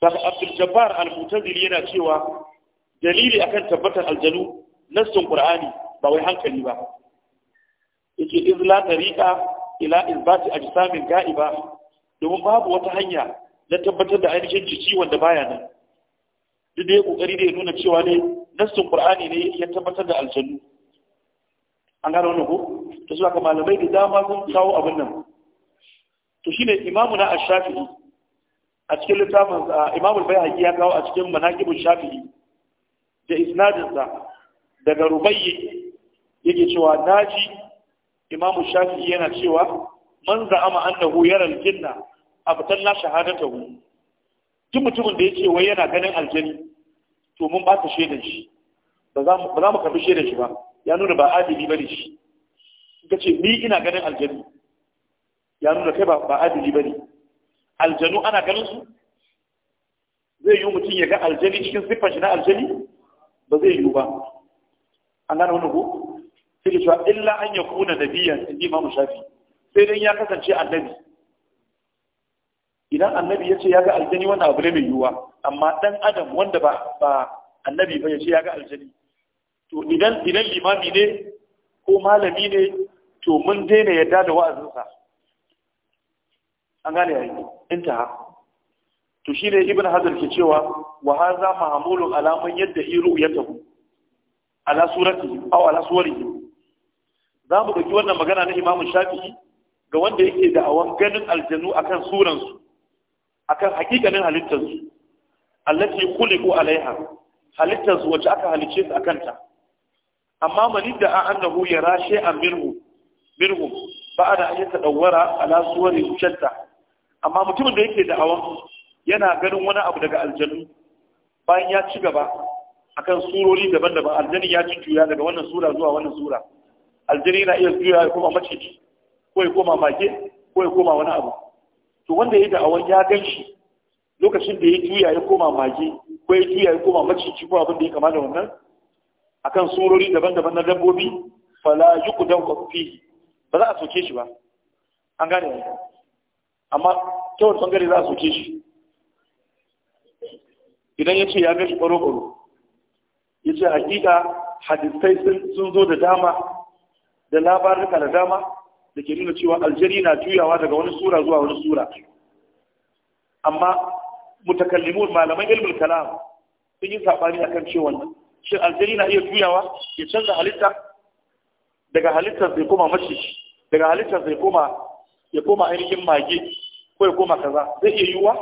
daga abdul jabbar al-mutazili yana cewa dalili akan tabbatar aljanu nassun qur'ani ba wai hankali ba yake izla tariqa ila isbati ajsamin ga'iba domin babu wata hanya na tabbatar da ainihin jiki wanda baya nan duk da ya kokari da ya nuna cewa ne nassin qur'ani ne ya tabbatar da aljannu an gano wannan ko to suka malamai da dama sun kawo abin nan to shine imamu na ash-shafi'i a cikin littafin imamu al-bayhaqi ya kawo a cikin manaqibul shafi'i da isnadinsa daga rubayyi yake cewa naji imamu shafi'i yana cewa man za'ama annahu yara aljanna abtalla shahadatahu duk mutumin da yake wai yana ganin aljani to mun ba ta shaidan shi ba za mu karbi shaidan shi ba ya nuna ba adili bane shi ka ce ni ina ganin aljani ya nuna kai ba ba adili bane aljanu ana ganin su zai yi mutum ya ga aljani cikin siffar shi na aljani ba zai yi ba an gane wani ko sai cewa illa an ya kuna nabiyan in ji mamu shafi sai dai ya kasance annabi idan annabi ya ce ya ga aljani wannan abu ne mai yiwuwa amma dan adam wanda ba ba annabi ba ya ce ya ga aljani to idan idan limami ne ko malami ne to mun daina yadda da wa'azinsa an gane yayi intaha to shine ibn hazar ke cewa wa hadha mahmulun alaman yadda iru yatahu ala surati aw ala suwarihi za mu ɗauki wannan magana na imamu shafi'i ga wanda yake da awan ganin aljanu akan suransu akan hakikanin halittarsu allati ko alaiha halittarsu wacce aka halice su akan ta amma mani da annahu yara mirhu ba a da an yatadawwara a lasuwar shatta amma mutumin da yake da awan yana ganin wani abu daga aljanu bayan ya ci gaba akan surori daban-daban aljanin ya ci juya daga wannan sura zuwa wannan sura aljini na iya zuwa ya koma maciji ko ya koma mage ko ya koma wani abu to wanda ya da'awar ya gan shi lokacin da ya juya ya koma mage ko ya juya ya koma maciji ko abin da ya kama da wannan akan surori daban-daban na dabbobi fala yuqdan qafi ba za a soke shi ba an gane ne amma ta wani bangare za a soke shi idan ya ce ya gashi ɓaro-ɓaro ya ce hakika hadisai sun zo da dama da labaruka da dama da ke nuna cewa aljari na juyawa daga wani sura zuwa wani sura amma mutakallimun malaman ilmin kalam sun yi sabani akan cewa wannan shin aljari na iya juyawa ya canza halitta daga halittar zai koma mashi daga halittar zai koma ya koma ainihin mage ko ya koma kaza zai iya yiwuwa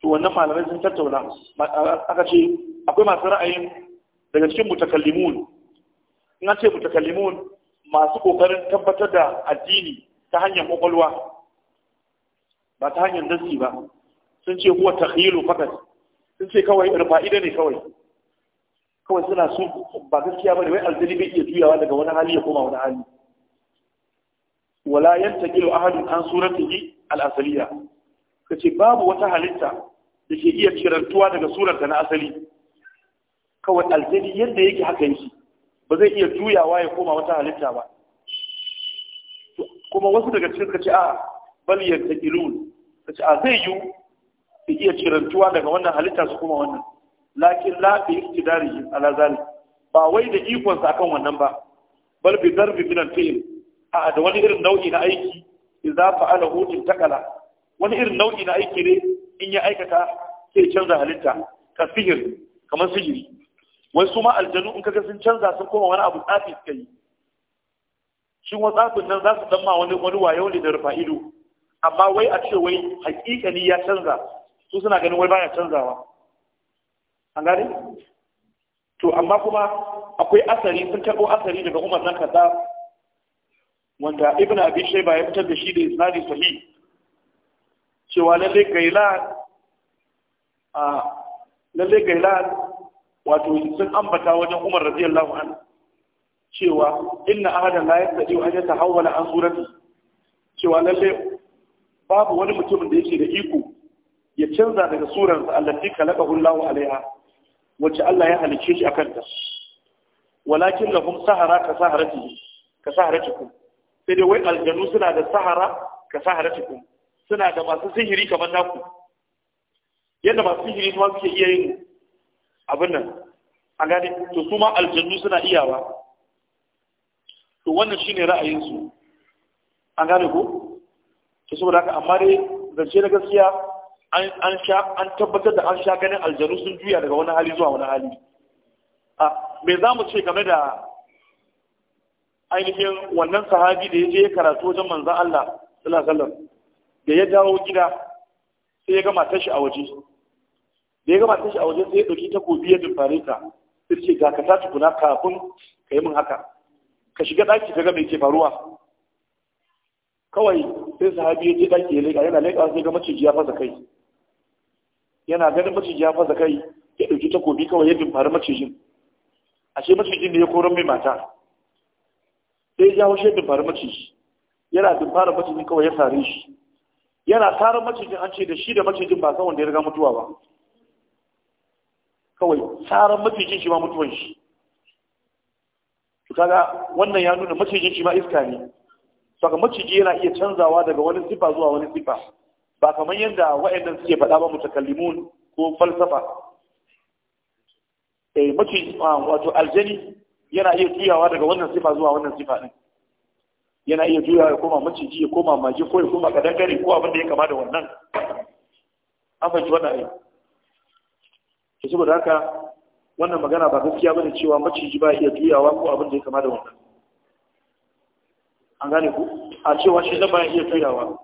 to wannan malamai sun tattauna aka ce akwai masu ra'ayin daga cikin mutakallimun in an ce mutakallimun masu kokarin tabbatar da addini ta hanyar kwakwalwa ba ta hanyar nasi ba sun ce huwa takhilu fakat sun ce kawai irfa'ida ne kawai kawai suna su ba gaskiya bane wai aljini bai iya juyawa daga wani hali ya koma wani hali wala yantaqilu ahadun an suratihi al-asaliya kace babu wata halitta da ke iya kirantuwa daga surarta na asali kawai aljini yadda yake haka yake ba zai iya juyawa ya koma wata halitta ba kuma wasu daga cikin suka ce a bal yantaqilun kace a zai yi su iya cirantuwa daga wannan halitta su koma wannan lakin la bi iktidarihi ala zalik ba wai da ikon sa akan wannan ba bal bi darbi min al-fi'l a da wani irin nau'i na aiki idza fa'ala hu takala wani irin nau'i na aiki ne in ya aikata sai canza halitta ka sihir kamar sihiri wai su ma aljanu in kaga sun canza sun koma wani abu tsafi suka yi shin wa tsafin nan za su dan ma wani wani wayo ne da rufa ido amma wai a ce wai hakikani ya canza su suna ganin wai baya canzawa an gane to amma kuma akwai asari sun tabo asari daga umar nan kaza wanda ibn abi shayba ya fitar da shi da isnadi sahih cewa lalle gailan a lalle gailan wato sun ambata wajen Umar radiyallahu anhu cewa inna ahadan la yastati an yatahawwala an surati cewa lalle babu wani mutumin da yake da iko ya canza daga suran sa allati khalaqahu Allahu alaiha wacce Allah ya halicce shi akan ta walakin lahum sahara ka saharati ka saharatikum sai dai wai aljanu suna da sahara ka saharatikum suna da masu sihiri kamar naku yadda masu sihiri ma suke iya yin abin nan a gane to su ma aljannu suna iyawa to wannan shine ra'ayinsu an gane ko to saboda haka amma dai zance na gaskiya an sha an tabbatar da an sha ganin aljanu sun juya daga wani hali zuwa wani hali a me za mu ce game da ainihin wannan sahabi da ya je karatu wajen manzan Allah sallallahu alaihi wasallam da ya dawo gida sai ya ga matar shi a waje da ya gama shi a wajen sai ya ɗauki takobi ya dumfare ta sai ce ga ka ta tukuna kafin ka yi min haka ka shiga ɗaki ka ga mai ke faruwa kawai sai sahabi ya je ɗaki ya leƙa yana leƙa sai ga maciji ya fasa kai yana ganin maciji ya fasa kai ya ɗauki takobi kawai ya dumfare macijin ashe macijin ne ya koron mai mata sai ya haushe dumfare maciji yana dumfare macijin kawai ya sare shi yana tarar macijin an ce da shi da macijin ba san wanda ya riga mutuwa ba kawai tsaron macijin shi ma mutuwan shi to kaga wannan ya nuna macijin shi ma iska ne saka maciji yana iya canzawa daga wani sifa zuwa wani sifa ba kamar yadda wa'annan suke faɗa ba mutakallimun ko falsafa eh maciji ah, wato aljani yana iya juyawa daga wannan sifa zuwa wannan sifa din yana iya juyawa ya koma maciji ya koma maji ko ya koma kadangare ko abin da ya kama da wannan an fahimci wannan ayi to saboda haka wannan magana ba gaskiya bane cewa maciji ba iya juyawa ko abin da ya kama da wannan an gane ku a cewa shi bayan iya juyawa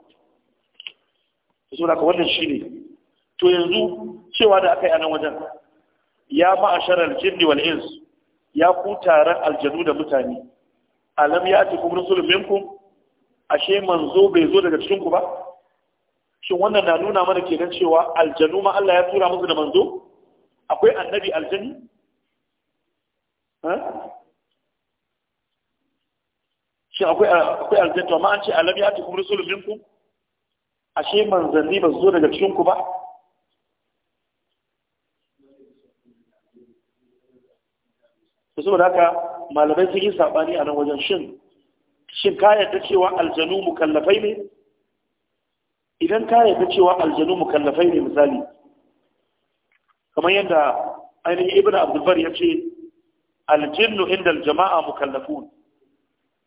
to saboda haka wannan shi ne to yanzu cewa da aka yi a nan wajen ya ma'asharar jinni wal ins ya ku taron aljanu da mutane alam ya ce kuma rasulun minkum ashe manzo bai zo daga cikin ku ba shin wannan na nuna mana kenan cewa aljanu ma Allah ya tura musu da manzo akwai annabi aljani shi akwai aljani to ma an ce alam ya ta kuma rasulun minkum ashe manzanni ba su zo daga cikinku ba su saboda haka malamai sun yi saɓani a nan wajen shin shin ka yarda cewa aljanu mukallafai ne idan ka yarda cewa aljanu mukallafai ne misali kamar yadda ainihin ibn abdulbar ya ce aljinnu inda jama'a mukallafu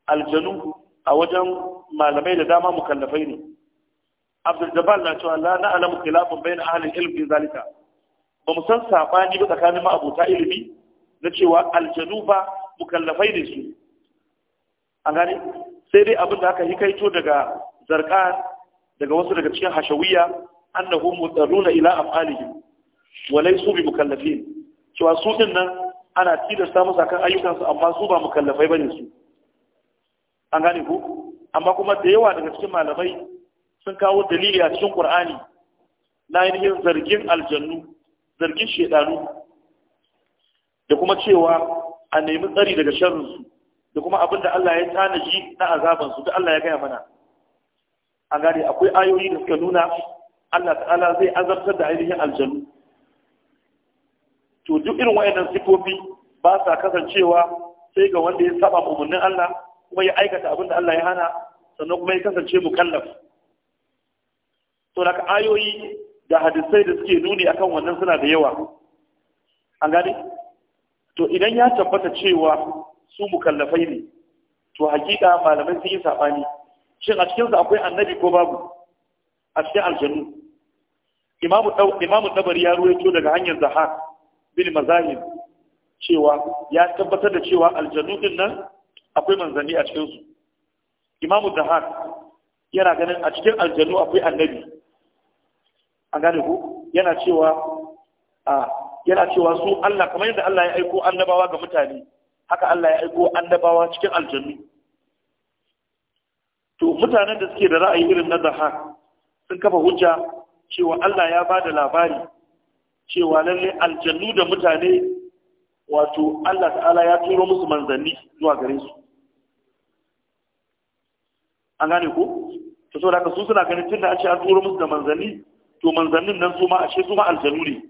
aljanu a wajen malamai da dama mukallafai ne abdul jabal na cewa la na alamu khilafun bayan ahalin ilmi zalika ba mu san sabani ba tsakanin ma'abuta ilimi na cewa aljanu ba mukallafai ne su an gane sai dai abin da aka yi kaito daga zarka daga wasu daga cikin hashawiya annahu mudarruna ila af'alihim walai su bi mukallafin cewa su din nan ana tilasta musu akan ayyukansu amma su ba mukallafai bane su an gane ku amma kuma da yawa daga cikin malamai sun kawo dalili a cikin Qur'ani na yin zargin aljannu zargin shedanu da kuma cewa a nemi tsari daga sharrinsu da kuma abin da Allah ya tanaji na azabansu da Allah ya gaya mana an gane akwai ayoyi da suka nuna Allah ta'ala zai azabtar da ainihin aljannu. to duk irin wayannan sifofi ba sa kasancewa sai ga wanda ya saba umarnin Allah kuma ya aikata abin da Allah ya hana sannan kuma ya kasance mukallaf to daga ayoyi da hadisai da suke nuni akan wannan suna da yawa an gane to idan ya tabbata cewa su mukallafai ne to hakika malamai sun yi sabani shin a cikin su akwai annabi ko babu a cikin aljannu imamu imamu tabari ya ruwaito daga hanyar zahar bil mazahib cewa ya tabbatar da cewa aljanu din nan akwai manzanni a cikin su imamu dahak yana ganin a cikin aljanu akwai annabi an gane ku yana cewa a yana cewa su Allah kamar yadda Allah ya aiko annabawa ga mutane haka Allah ya aiko annabawa cikin aljanu to mutanen da suke da ra'ayi irin na dahak sun kafa hujja cewa Allah ya ba da labari cewa lalle aljannu da mutane wato Allah ta'ala ya turo musu manzanni zuwa gare su an gane ko to saboda ka su suna ganin tunda a ce an turo musu da manzanni to manzannin nan su ma ashe su ma aljannu ne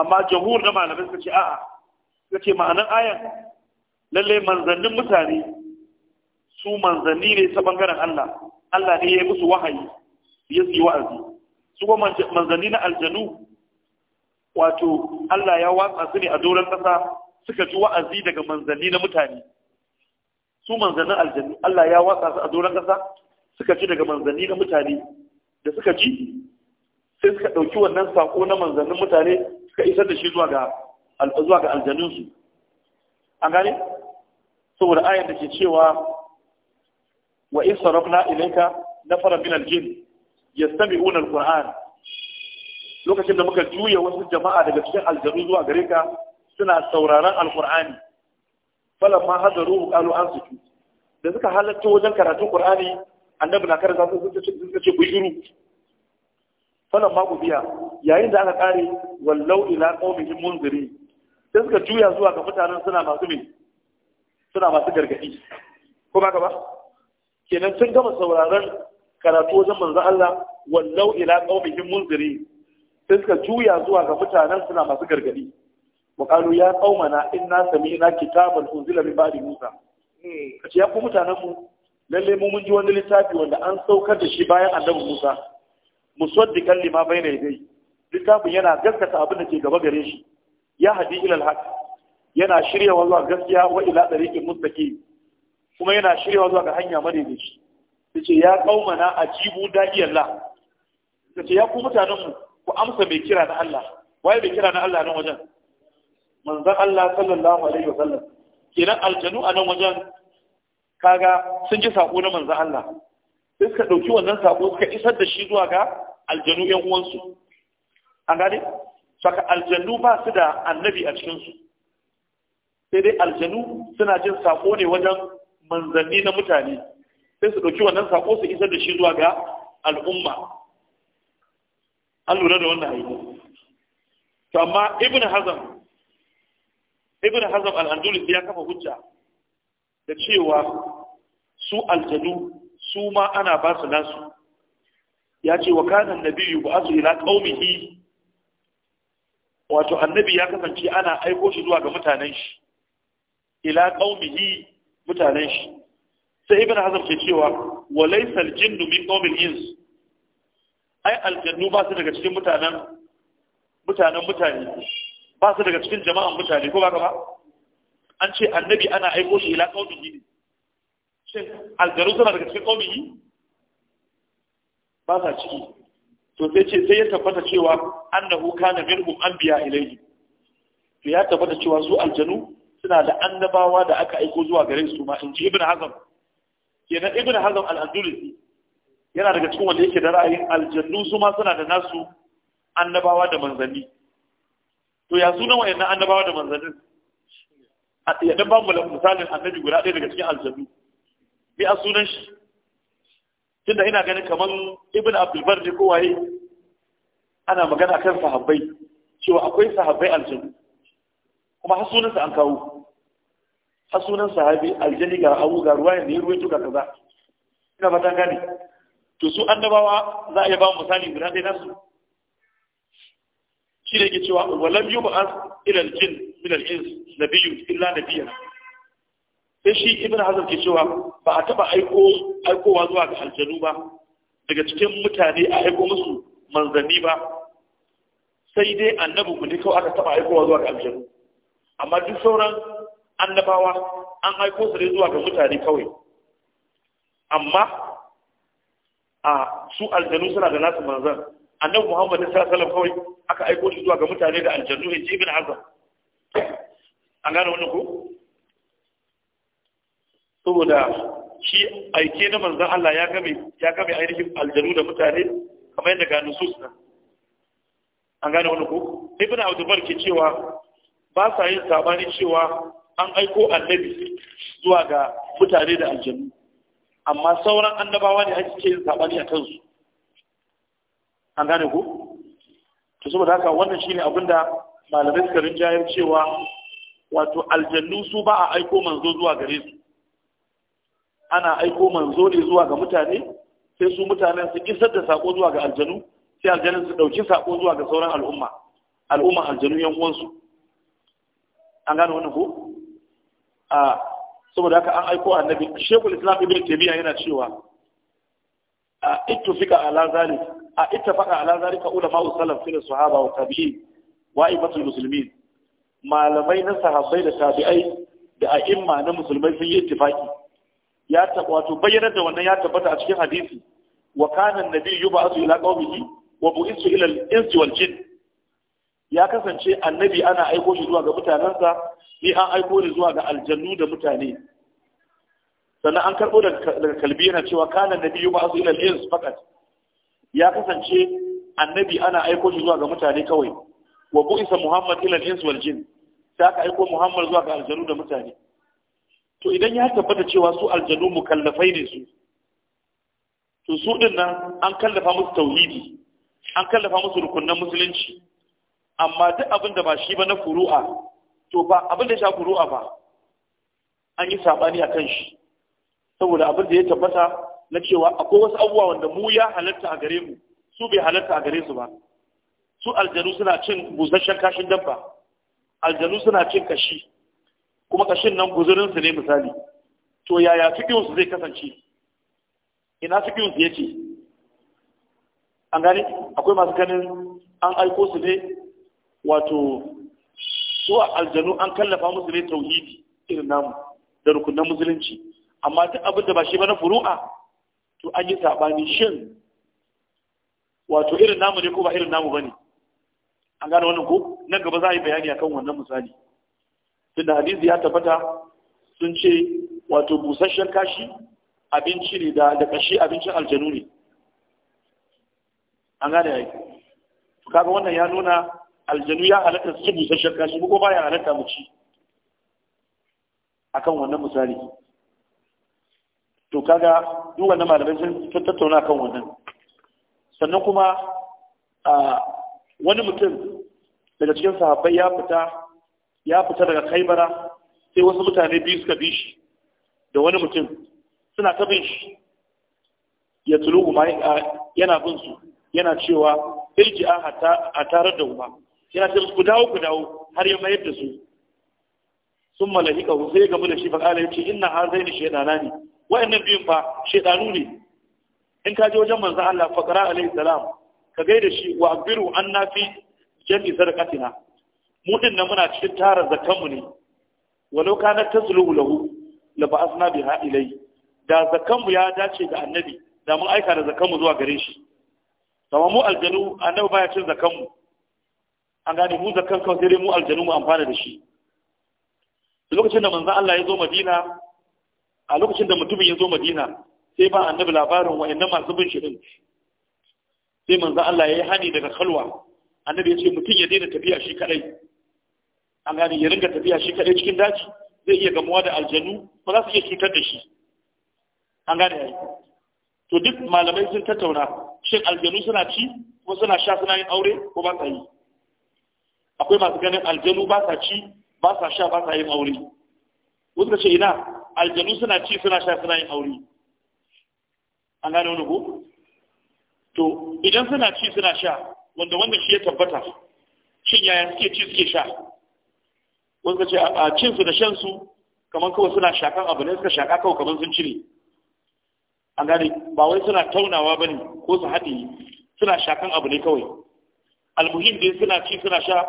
amma jahur da malamai suka ce a'a suka ce ma'anar ayan lalle manzannin mutane su manzanni ne ta bangaren Allah Allah ne ya yi musu wahayi ya yi wa'azi su kuma manzanni na aljanu wato Allah ya watsa su ne a doron ƙasa suka ji wa'azi daga manzanni na mutane su manzannin aljanni Allah ya watsa su a doron ƙasa suka ji daga manzanni na mutane da suka ji sai suka ɗauki wannan saƙo na manzannin mutane suka isar da shi zuwa ga zuwa ga aljanninsu an gane saboda ayar da ke cewa wa in sarrafna ilayka nafara min aljin yastami'una alquran lokacin da muka juya wasu jama'a daga cikin aljanu zuwa gare ka suna sauraron Falon haɗa ruhu ƙalu an ansitu da suka halatta wajen karatun ƙur'ani, annabi na za su suka ce ku Falon falamma biya. yayin da aka kare wallau ila qaumihim munziri sai suka juya zuwa ga mutanen suna masu me suna masu gargadi ko ba ka ba kenan sun gama sauraron karatu wajen manzo Allah wallau ila qaumihim munziri sai suka juya zuwa ga mutanen suna masu gargadi ya وقالوا يا na إنا سمعنا كتابا أنزل من بعد موسى kace ya ku mutanen mu lalle mu mun ji wani littafi wanda an saukar da shi bayan annabi Musa musaddiqan lima bayna yadayhi littafin yana gaskata abin da ke gaba gare shi ya hadi ilal haka. yana shirya zuwa gaskiya wa ila tariqin mustaqim kuma yana shirya zuwa ga hanya madaidaici kace ya qaumana ajibu da'iyallah kace ya ku mutanen mu ku amsa mai kira na Allah waye mai kira na Allah nan wajen manzon Allah sallallahu alaihi wasallam kenan aljanu a nan wajen kaga sun ji sako na manzon Allah sai suka dauki wannan sako suka isar da shi zuwa ga aljanu yan uwansu an gane saka aljanu ba su da annabi a cikin su sai dai aljanu suna jin sako ne wajen manzanni na mutane sai su dauki wannan sako su isar da shi zuwa ga al'umma an lura da wannan aiki to amma ibn hazm ibn hazm al-andalusi ya kafa hujja da cewa su aljadu su ma ana ba su nasu ya ce wa kana nabiyyu ba'athu ila qaumihi wato annabi ya kasance ana aiko shi zuwa ga mutanen shi ila qaumihi mutanen shi sai ibn hazm ke cewa wa laysa al-jinnu min qaumil ins ai aljannu ba su daga cikin mutanen mutanen mutane ba su daga cikin jama'an mutane ko ba ka ba an ce annabi ana aiko shi ila kaumin yi ne shin aljannu suna daga cikin kaumin yi ba sa ciki to sai ce sai ya tabbata cewa annahu kana minhum anbiya ilayhi to ya tabbata cewa su aljanu suna da annabawa da aka aiko zuwa gare su ma in ji ibnu hazm kenan ibnu hazm al-andalusi yana daga cikin wanda yake da ra'ayin aljannu su ma suna da nasu annabawa da manzanni to ya sunan nan annabawa da manzannin ya dan ba mu misalin annabi guda ɗaya daga cikin aljannu bi a sunan shi tunda ina ganin kamar ibn abdul bar ne kowaye ana magana kan sahabbai cewa akwai sahabbai aljannu kuma har sunansa an kawo har sunan sahabi aljani ga abu ga ruwa ne ruwaito ga kaza ina fatan gane to su annabawa za a iya ba misali guda ɗaya nasu shi da ke cewa walam yi ba'as ilal jin minal ins nabiyu illa nabiya sai shi ibn hazar ke cewa ba a taɓa aikowa zuwa ga aljanu ba daga cikin mutane a aiko musu manzanni ba sai dai annabi ne kawai aka taɓa aikowa zuwa ga aljanu amma duk sauran annabawa an aiko su ne zuwa ga mutane kawai amma a su aljanu suna da nasu manzan annabi muhammad sallallahu alaihi kawai aka aiko shi zuwa ga mutane da aljanu in ji ibn hazm an gane wannan ko saboda shi aike na manzan Allah ya game ya game ainihin aljanu da mutane kamar yadda ga nusus nan an gane wannan ko ibn abdul ke cewa ba sa yin sabani cewa an aiko annabi zuwa ga mutane da aljanu amma sauran annabawa ne ake yin sabani a kansu an gane ku to saboda haka wannan shine abin da malamai suka rinjayar cewa wato aljannu su ba a aiko manzo zuwa gare su ana aiko manzo ne zuwa ga mutane sai su mutanen su isar da sako zuwa ga aljanu sai aljanun su dauki sako zuwa ga sauran al'umma al'umma aljanu yan uwansu an gane wannan ko a saboda haka an aiko annabi shekul islam ibn taymiya yana cewa a ittufika ala zalik a ittafaqa ala zalika ulama salaf fil sahaba wa tabi'in wa ibatul muslimin malamai na sahabbai da tabi'ai da a'imma na musulmai sun yi ittifaki ya wato bayyana da wannan ya tabbata a cikin hadisi wa kana an-nabi yub'athu ila qaumihi wa bu'ithu ila al-insi wal jinn ya kasance annabi ana aiko shi zuwa ga mutanensa ni an aiko ni zuwa ga aljannu da mutane sannan an karɓo daga kalbi yana cewa kana nabi yuba su ila al-ins faqat ya kasance annabi ana aiko shi zuwa ga mutane kawai wa bu'isa muhammad ila al-ins wal jin sai aka aiko muhammad zuwa ga aljannu da mutane to idan ya tabbata cewa su aljannu mukallafai ne su to su din nan an kallafa musu tauhidi an kallafa musu rukunnan musulunci amma duk abin da ba shi ba na furu'a to ba abin da ya sha furu'a ba an yi sabani a kan shi saboda abin da ya tabbata na cewa akwai wasu abubuwa wanda mu ya halatta a gare mu su bai halatta a gare su ba su aljanu suna cin busasshen kashin dabba aljanu suna cin kashi kuma kashin nan guzurin su ne misali to yaya fikin su zai kasance ina fikin su yake an gane akwai masu ganin an aiko su ne wato su a aljanu an kallafa musu ne tauhidi irin namu da rukunan musulunci amma duk abin da ba shi ba na furu'a to an yi sabani shin wato irin namu ne ko ba irin namu bane an gane wannan ko nan gaba za a yi bayani akan wannan misali tunda hadisi ya tabbata sun ce wato busasshen kashi abinci ne da da kashi abincin aljanu ne an gane ya to kaga wannan ya nuna aljanu ya halatta su ci musashen kashi ko baya halatta mu ci akan wannan misali to kaga duk wannan malamai sun tattauna kan wannan sannan kuma a wani mutum daga cikin sahabbai ya fita ya fita daga kaibara sai wasu mutane biyu suka bi shi da wani mutum suna ta bin shi ya tulu yana bin su yana cewa ji a tarar da umar yana ce ku dawo ku dawo har ya mayar da su sun malahika ku sai ya gamu da shi fa kala yace inna ni. shaytana ne wa'annan biyun fa shaytanu ne in ka ji wajen manzan Allah fa qara alaihi salam ka gaida shi wa abiru anna fi jami sadaqatina mu din nan muna cikin tara zakkan mu ne walau kana tasluhu lahu la ba'athna biha ilayhi da zakanmu ya dace ga annabi da mun aika da zakanmu mu zuwa gare shi sama mu aljanu annabi baya cin zakanmu. mu an gane mu zakkan kawai sai dai mu aljanu mu amfana da shi lokacin da manzo Allah ya zo Madina a lokacin da mutumin ya zo Madina sai ba annabi labarin wa'annan masu bin shi din sai manzo Allah ya yi hani daga kalwa annabi ya ce mutum ya daina tafiya shi kadai an gane ya ringa tafiya shi kadai cikin daji zai iya gamuwa da aljanu ba za su iya cutar da shi an gane yayi to duk malamai sun tattauna shin aljanu suna ci ko suna sha suna yin aure ko ba sa yi akwai masu ganin aljanu ba sa ci ba sa sha ba sa yin aure wasu ka ce ina aljanu suna ci suna sha suna yin aure an gane wani ko to idan suna ci suna sha wanda wanda shi ya tabbata shin yaya suke ci suke sha wasu ka ce a cinsu da shansu kamar kawai suna shakan abu ne suka shaka kawai kamar sun cire an gane ba wai suna taunawa ba ne ko su haɗe suna shakan abu ne kawai almuhim dai suna ci suna sha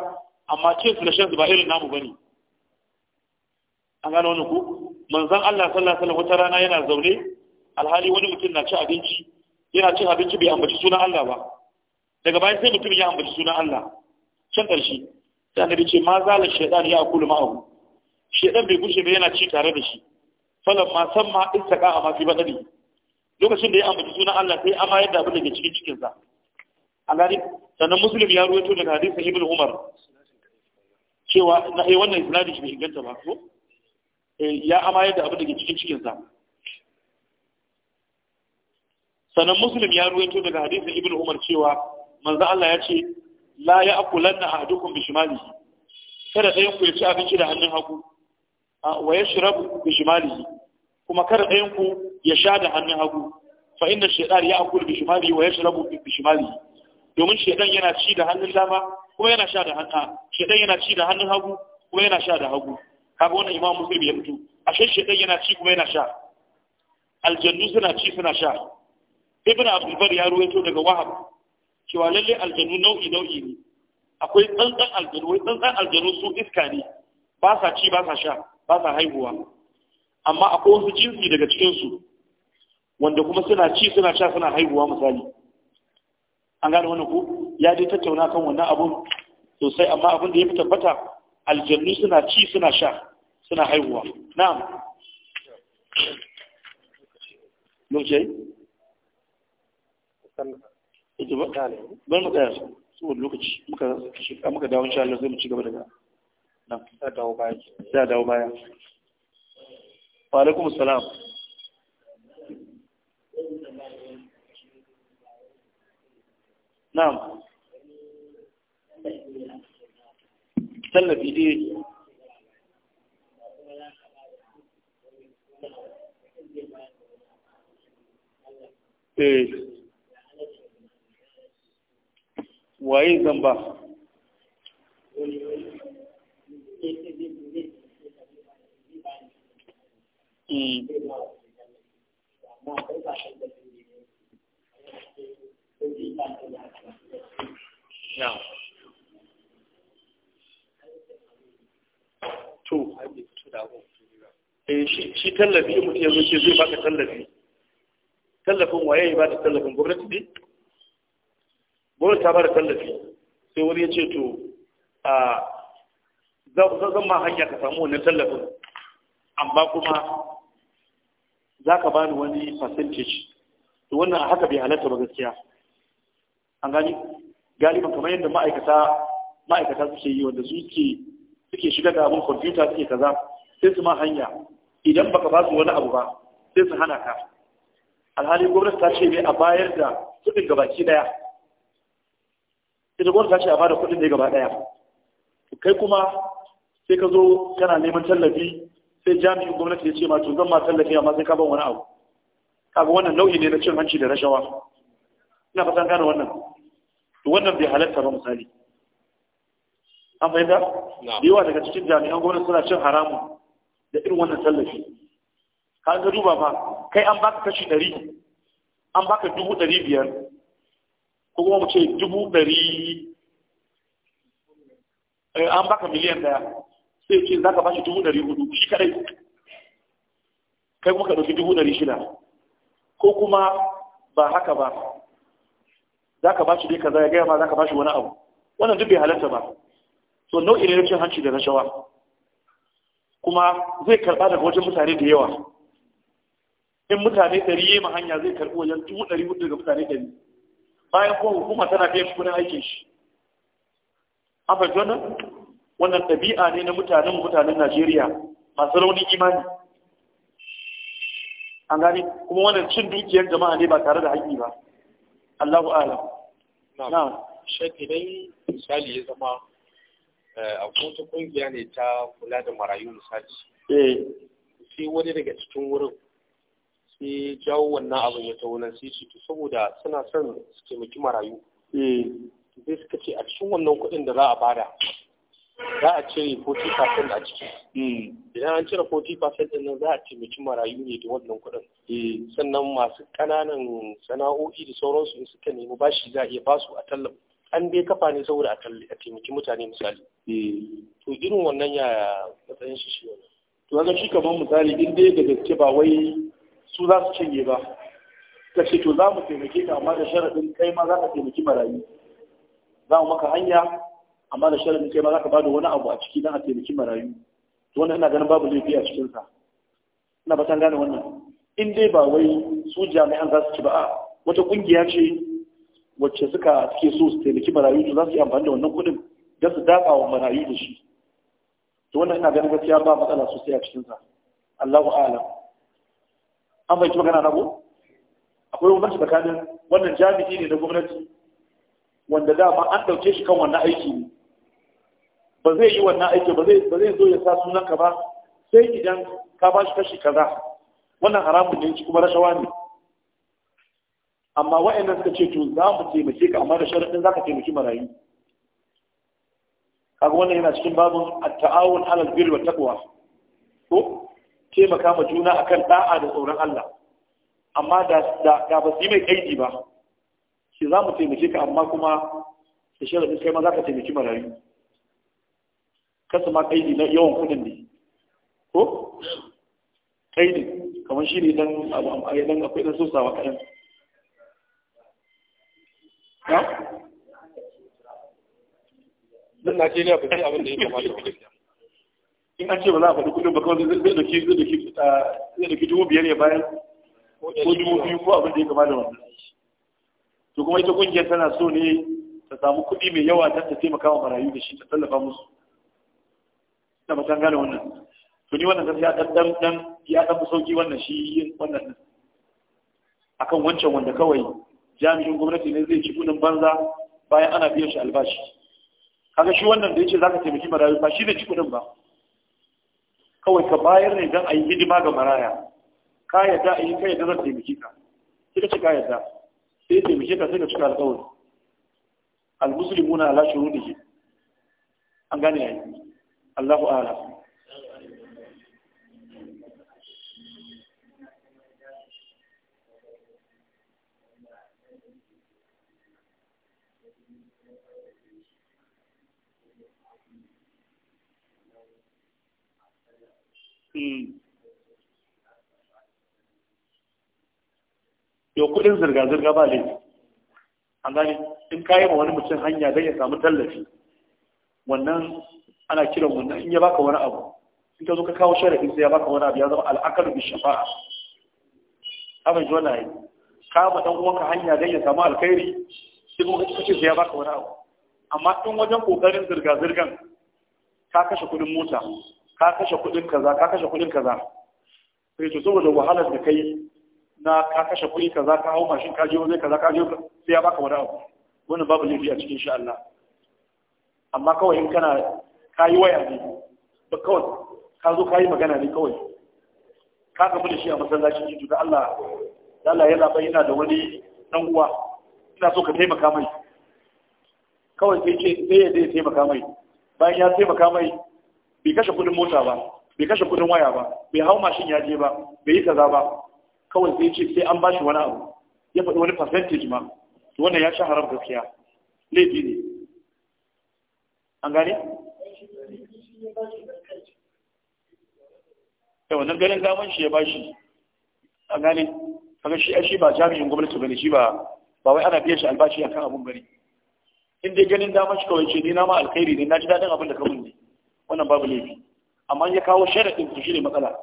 amma cin su da shan su ba irin namu bane an gano wani ku manzon Allah sallallahu alaihi wata rana yana zaune alhali wani mutum na ci abinci yana cin abinci bai ambaci sunan Allah ba daga bayan sai mutum ya ambaci sunan Allah can ƙarshe sai annabi ce ma zalar shaitan ya akulu ma'ahu shaitan bai gushe ba yana ci tare da shi falan ma san ma istaka a mafi badani lokacin da ya ambaci sunan Allah sai amma yadda abin da ke cikin cikinsa an sannan muslim ya ruwaito daga hadisin ibn umar cewa na eh wannan isnadin shi bai inganta ba ko eh, ya amayar da abin da ke cikin cikinsa sannan muslim ya ruwaito daga hadisin ibn umar cewa manzo Allah ya ce la ya akulanna ahadukum bi shimalihi kada ɗayan ku ya ci abinci da hannun hagu wa yashrabu bi shimalihi kuma kada ɗayan ku ya sha da hannun hagu fa inna shaytan ya akul bi shimalihi wa yashrabu bi shimalihi domin shedan yana ci da hannun dama kuma yana sha da hannun shedan yana ci da hannun hagu kuma yana sha da hagu kaga wannan imam muslim ya mutu. a ashe shedan yana ci kuma yana sha aljannu suna ci suna sha ibnu abdul bar ya ruwaito daga wahab cewa lalle aljannu nau'i nau'i ne akwai tsantsan aljanu wai tsantsan aljannu su iska ne ba sa ci ba sa sha ba sa haihuwa amma akwai wasu jinsi daga cikinsu wanda kuma suna ci suna sha suna haihuwa misali an gane wani ku ya dai tattauna kan wannan abun sosai amma abin da ya fi tabbata aljannu suna ci suna sha suna haihuwa na'am lokaci ba mu tsaya saboda lokaci muka dawo insha Allah zai mu ci gaba daga nan za dawo baya wa alaikum salam na'am tallafi dai eh waye Zamba? Mm. Now, to, eh shi tallafi mutum ya ce zai baka tallafi. Tallafin waye ba da tallafin gwamnati ne? Gwamnati ta ba da tallafi. Sai wani ya ce to, a zan ma hanya ka samu wannan tallafin, amma kuma za ka bani wani percentage. To wannan haka bai halatta ba gaskiya. an gani galiban kamar yadda ma'aikata ma'aikata suke yi wanda suke suke shiga da abin kwamfuta suke kaza sai su ma hanya idan baka ba su wani abu ba sai su hana ka alhali gwamnati ta ce ne a bayar da kuɗin gabaki ɗaya ita gwamnati ta ce a bada kuɗin gaba ɗaya kai kuma sai ka zo kana neman tallafi sai jami'in gwamnati ya ce ma to zan ma tallafi amma sai ka ban wani abu kaga wannan nau'i ne na cin hanci da rashawa ina fasan gane wannan to wannan bai halatta ba misali an fahimta da yawa daga cikin jami'an gwamnati suna cin haramun da irin wannan tallafi ka ga duba fa kai an baka kashi ɗari an baka dubu ɗari biyar ko kuma mu ce dubu ɗari eh, an baka miliyan ɗaya sai ce za ka bashi dubu ɗari hudu shi kaɗai kai kuma ka ɗauki dubu ɗari shida ko kuma ba haka ba za ka ba shi dai kaza ya gaya ma za ka ba shi wani abu wannan duk bai halarta ba so nau'i ne na cin hanci da rashawa kuma zai karɓa daga wajen mutane da yawa in mutane ɗari ya ma hanya zai karɓi wajen dubu ɗari hudu daga mutane ɗari bayan kuma hukuma tana shi kuma aikin shi an fahimci wannan wannan ɗabi'a ne na mutanen mutanen najeriya masu raunin imani an gane kuma wannan cin dukiyar jama'a ne ba tare da haƙƙi ba Allahu alam na shek idan misali ya zama a kotu kungiya ne ta kula da marayu misali Eh sai wani daga cikin wurin sai jawo wannan abin ya ta wunan sai ciki saboda suna son su taimaki marayu Eh sai suka ce a cikin wannan kuɗin da za a bada za a cire 40% a ciki hmm. idan an cire 40% din nan za a taimaki marayu ne da wannan kuɗin hmm. sannan masu ƙananan sana'o'i da sauransu in suka nemi bashi za a iya basu a tallan. an dai kafa ne saboda a taimaki mutane misali hmm. to irin wannan ya matsayin shi shi wannan to ga shi kamar misali in dai da gaske ba wai su za su cinye ba ka ce to za mu taimake ka amma da sharaɗin kai ma za ka taimaki marayu za mu maka hanya amma da sharadin kai ma za ka ba da wani abu a ciki don a taimaki marayu to wannan ina ganin babu laifi a cikinsa ina ba san gane wannan in dai ba wai su jami'an za su ci ba a wata kungiya ce wacce suka suke so su taimaki marayu to za su yi amfani da wannan kuɗin don su dafa wa marayu da shi to wannan ina ganin gaskiya ba matsala sosai a cikinsa Allahu a'lam an bai magana na ko akwai bambanci tsakanin wannan jami'i ne na gwamnati wanda dama an ɗauke shi kan wannan aiki ne ba zai yi wannan aiki ba zai zo ya sa sunanka ba sai idan ka ba shi kashi kaza wannan haramun ne kuma rashawa ne amma wa'annan suka ce to za mu taimake ka amma da sharaɗin za ka taimaki marayu kaga wannan yana cikin babin at-ta'awun 'ala al-birri wa taqwa ko taimaka ma juna akan da'a da tsoron Allah amma da da ba su yi mai aiki ba shi za mu taimake ka amma kuma da sharaɗin kai ma za ka taimaki marayu kasu ma kaidi na yawan kudin ne ko kaidi kamar shi ne dan dan akwai dan ha dan na ce ne a sai abin da ya kamata in an ce ba za a faɗi kudin ba kawai zai ki zai dauki zai dubu biyar ya bayan ko dubu biyu ko abin da ya kamata wannan to kuma ita kungiyar tana so ne ta samu kuɗi mai yawa ta taimaka wa marayu da shi ta tallafa musu da ba san gane wannan to ni wannan gaskiya dan dan dan ya dan sauki wannan shi yin wannan akan wancan wanda kawai jami'in gwamnati ne zai ci kudin banza bayan ana biyan shi albashi kaga shi wannan da yace zaka taimaki marayu ba shi ne ci kudin ba kawai ka bayar ne dan ayi hidima ga maraya ka yadda ayi kai da zan taimaki ka kika ci ka yadda sai taimake ka sai ka cika alƙawari al-muslimuna ala shuruɗihim an gane yayi Allahu ala hmm. yau kudin zirga-zirga ba ne an gani in kayan wani mutum hanya don ya samu tallafi wannan ana kiran wannan in ya baka wani abu in ka zo ka kawo sharadin sai ya baka wani abu ya zama al'akalu bi shafa'a amma ji wannan yayi ka ba dan uwanka hanya dan ya samu alkhairi sai kuma ce sai ya baka wani abu amma in wajen kokarin zirga zirgan ka kashe kudin mota ka kashe kudin kaza ka kashe kudin kaza sai to saboda wahalar da kai na ka kashe kudi kaza ka hau mashin ka je wani kaza ka je sai ya baka wani abu wannan babu laifi a cikin shi Allah amma kawai in kana ka yi waya ne ba kawai ka zo ka yi magana ne kawai ka kafa da shi a masallacin jitu da Allah da Allah ya zaɓa yana da wani ɗan uwa ina so ka taimaka mai kawai sai ce sai ya zai taimaka mai bayan ya taimaka mai bai kashe kuɗin mota ba bai kashe kuɗin waya ba bai hau mashin ya je ba bai yi kaza ba kawai sai ce sai an bashi wani abu ya faɗi wani percentage ma wannan ya sha haram gaskiya laifi ne an gane yau nan ganin gaman shi ya bashi a gane kaga shi shi ba jami'in gwamnati bane shi ba ba wai ana biyan shi albashi akan abun bari in dai ganin daman shi kawai ce ni na ma alkhairi ne na ji dadin abin da ka mun ne wannan babu laifi amma ya kawo sharadin to shi ne matsala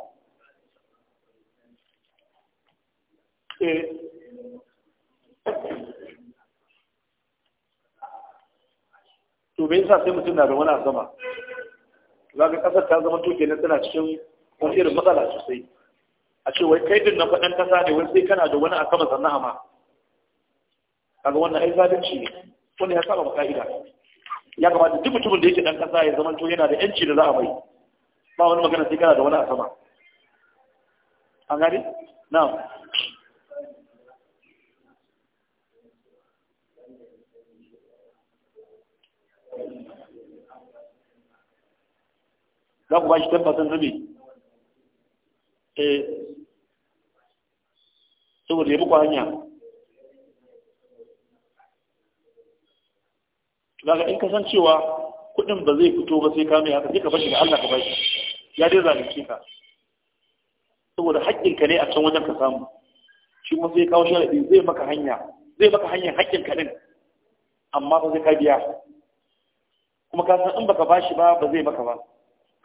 eh to bai sa sai mutum na da wani sama za ka kasar ta zama tuke na tana cikin wani irin matsala sosai a ce wai kai din na faɗin kasa ne wai sai kana da wani a sama sannan ama kaga wannan ai zalunci ne wani ya saba ma ka'ida ya kamata duk mutumin da yake ɗan kasa ya zama to yana da yanci da za a bai ba wani magana sai kana da wani a sama an gani na'am za ku ba shi tabbatar na eh saboda ya muku hanya daga in kasan cewa kudin ba zai fito ba sai ka mai haka sai ka bashi da Allah ka bashi ya dai zalunce ka saboda haƙƙinka ne a can wajen ka samu shi ma sai kawo sharaɗi zai maka hanya zai maka hanyar haƙƙinka din amma ba zai ka biya kuma ka san in baka bashi ba ba zai maka ba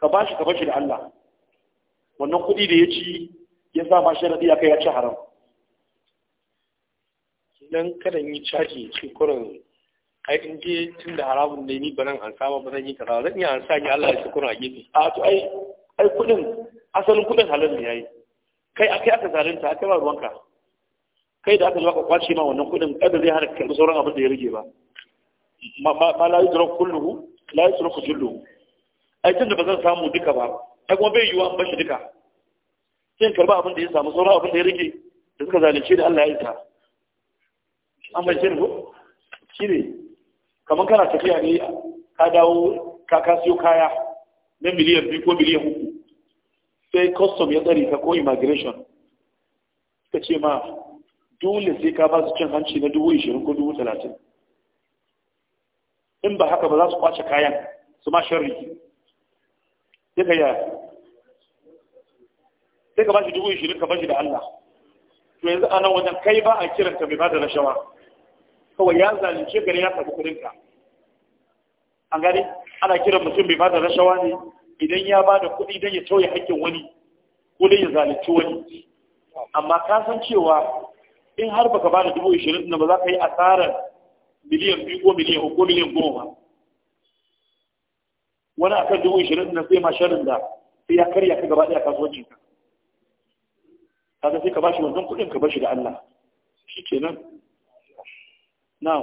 ka ba shi ka bashi da Allah wannan kuɗi da ya ci ya sa ma sharadi a kai ya ci haram dan kada yi caji ce kurin ai in je tun da haramun ne ni ba nan an saba ba zan yi kaza zan yi an sa ni Allah ya ci kurin a gefe a to ai ai kuɗin asalin kuɗin halal ne yayi kai akai aka zalunta akai ba ruwanka kai da aka zo ka kwace ma wannan kuɗin kada zai hana karɓi sauran abin da ya rage ba ma la yudrak kulluhu la yudrak kulluhu ai da ba zan samu duka ba ai kuma bai yiwuwa an bashi duka sai in karba abin da ya samu sauran abin da ya rage da suka zalunce da Allah ya isa an bai shirin ko shi ne kamar kana tafiya ne ka dawo ka kasiyo kaya na miliyan biyu ko miliyan uku sai custom ya tsare ka ko immigration suka ce ma dole sai ka ba su cin hanci na dubu ishirin ko dubu talatin in ba haka ba za su kwace kayan su ma sharri sai ka yaya sai ka bashi dubu ishirin ka shi da Allah to yanzu a nan wajen kai ba a kiranta mai da rashawa kawai ya zalunce ka ne ya tafi kudin an gane ana kiran mutum mai da rashawa ne idan ya ba da kuɗi don ya tauye hakkin wani ko don ya zalunci wani amma ka san cewa in har baka da dubu ishirin na ba za ka yi asarar miliyan biyu ko miliyan uku ko miliyan goma ba. wani akan dubu ishirin na sai ma sharin da sai ya karya ka gaba ɗaya kasuwancin ka kaga sai ka bashi wannan kuɗin ka bashi da Allah shi nan na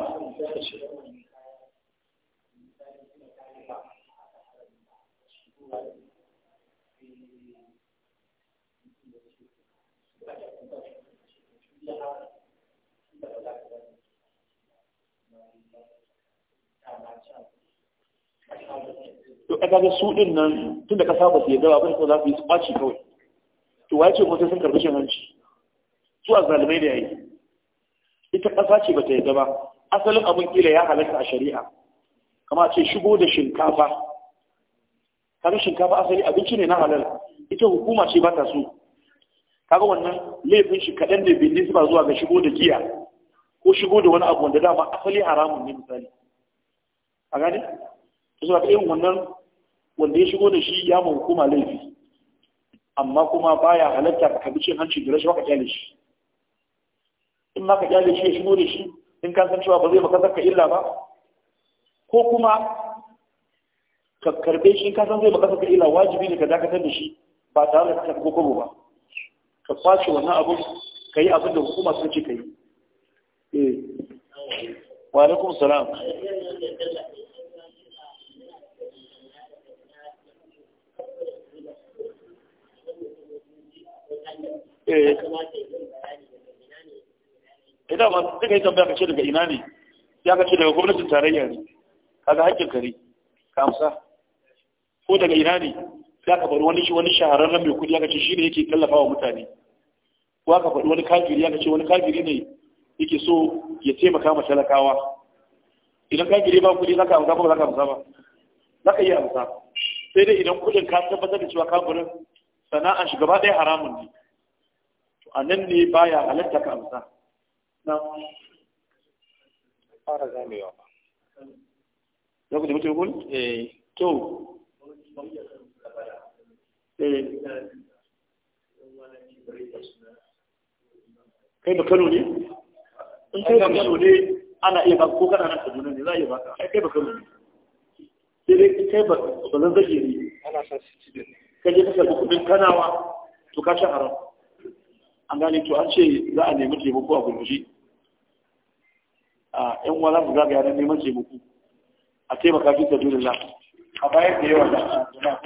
Thank you. to ka ga su din nan tunda ka saba su yadda ba da za su yi kwaci kawai to wace ce sai sun karbi cin hanci su a zalimai da yayi ita kasa ce bata yadda ba asalin abin kila ya halatta a shari'a kama ce shigo da shinkafa kaga shinkafa asali abinci ne na halal ita hukuma ce ba ta so kaga wannan laifin shi kaɗan ne su ba zuwa ga shigo da giya ko shigo da wani abu wanda dama asali haramun ne misali a gane su ta irin wannan wanda ya shigo da shi ya ma hukuma laifi amma kuma baya halatta ka bi cin hanci da rashin ka kyale shi in ma ka kyale shi ya shigo da shi in ka san cewa ba zai maka saka illa ba ko kuma ka karbe shi in ka san zai maka saka illa wajibi ne ka dakatar da shi ba tare da ka ko kobo ba ka kwace wannan abun ka yi abin da hukuma sun ce ka yi eh wa alaikum salam eh idan ba suka yi tambaya ce daga ina ne ya kace daga gwamnatin tarayya ne kaga hakkin kare ka amsa ko daga ina ne ya ka bar wani shi wani shahararren mai kudi ya kace shi ne yake tallafa wa mutane ko ka faɗi wani kafiri ya kace wani kafiri ne yake so ya taimaka ma talakawa idan kafiri ba kudi zaka amsa ba zaka amsa ba zaka iya amsa sai dai idan kudin ka tabbatar da cewa kafirin sana'a shi gaba ɗaya haramun ne a nan ne baya halatta ka amsa na fara zamewa ba za ku da mutum kun? eh to eh. kai ba kano ne? in kai ba kano ne ana iya ko kana nan kaduna ne za a iya baka kai ba kano ne sai dai kai ba ba zan zage ne ana san su ci da ne kai ka sabu kudin kanawa to ka shi haram an gane to an ce za a nemi taimako a gurgushi a yan wala su zagaya na neman taimako a taimaka fi sabilillah a bayan da yawa da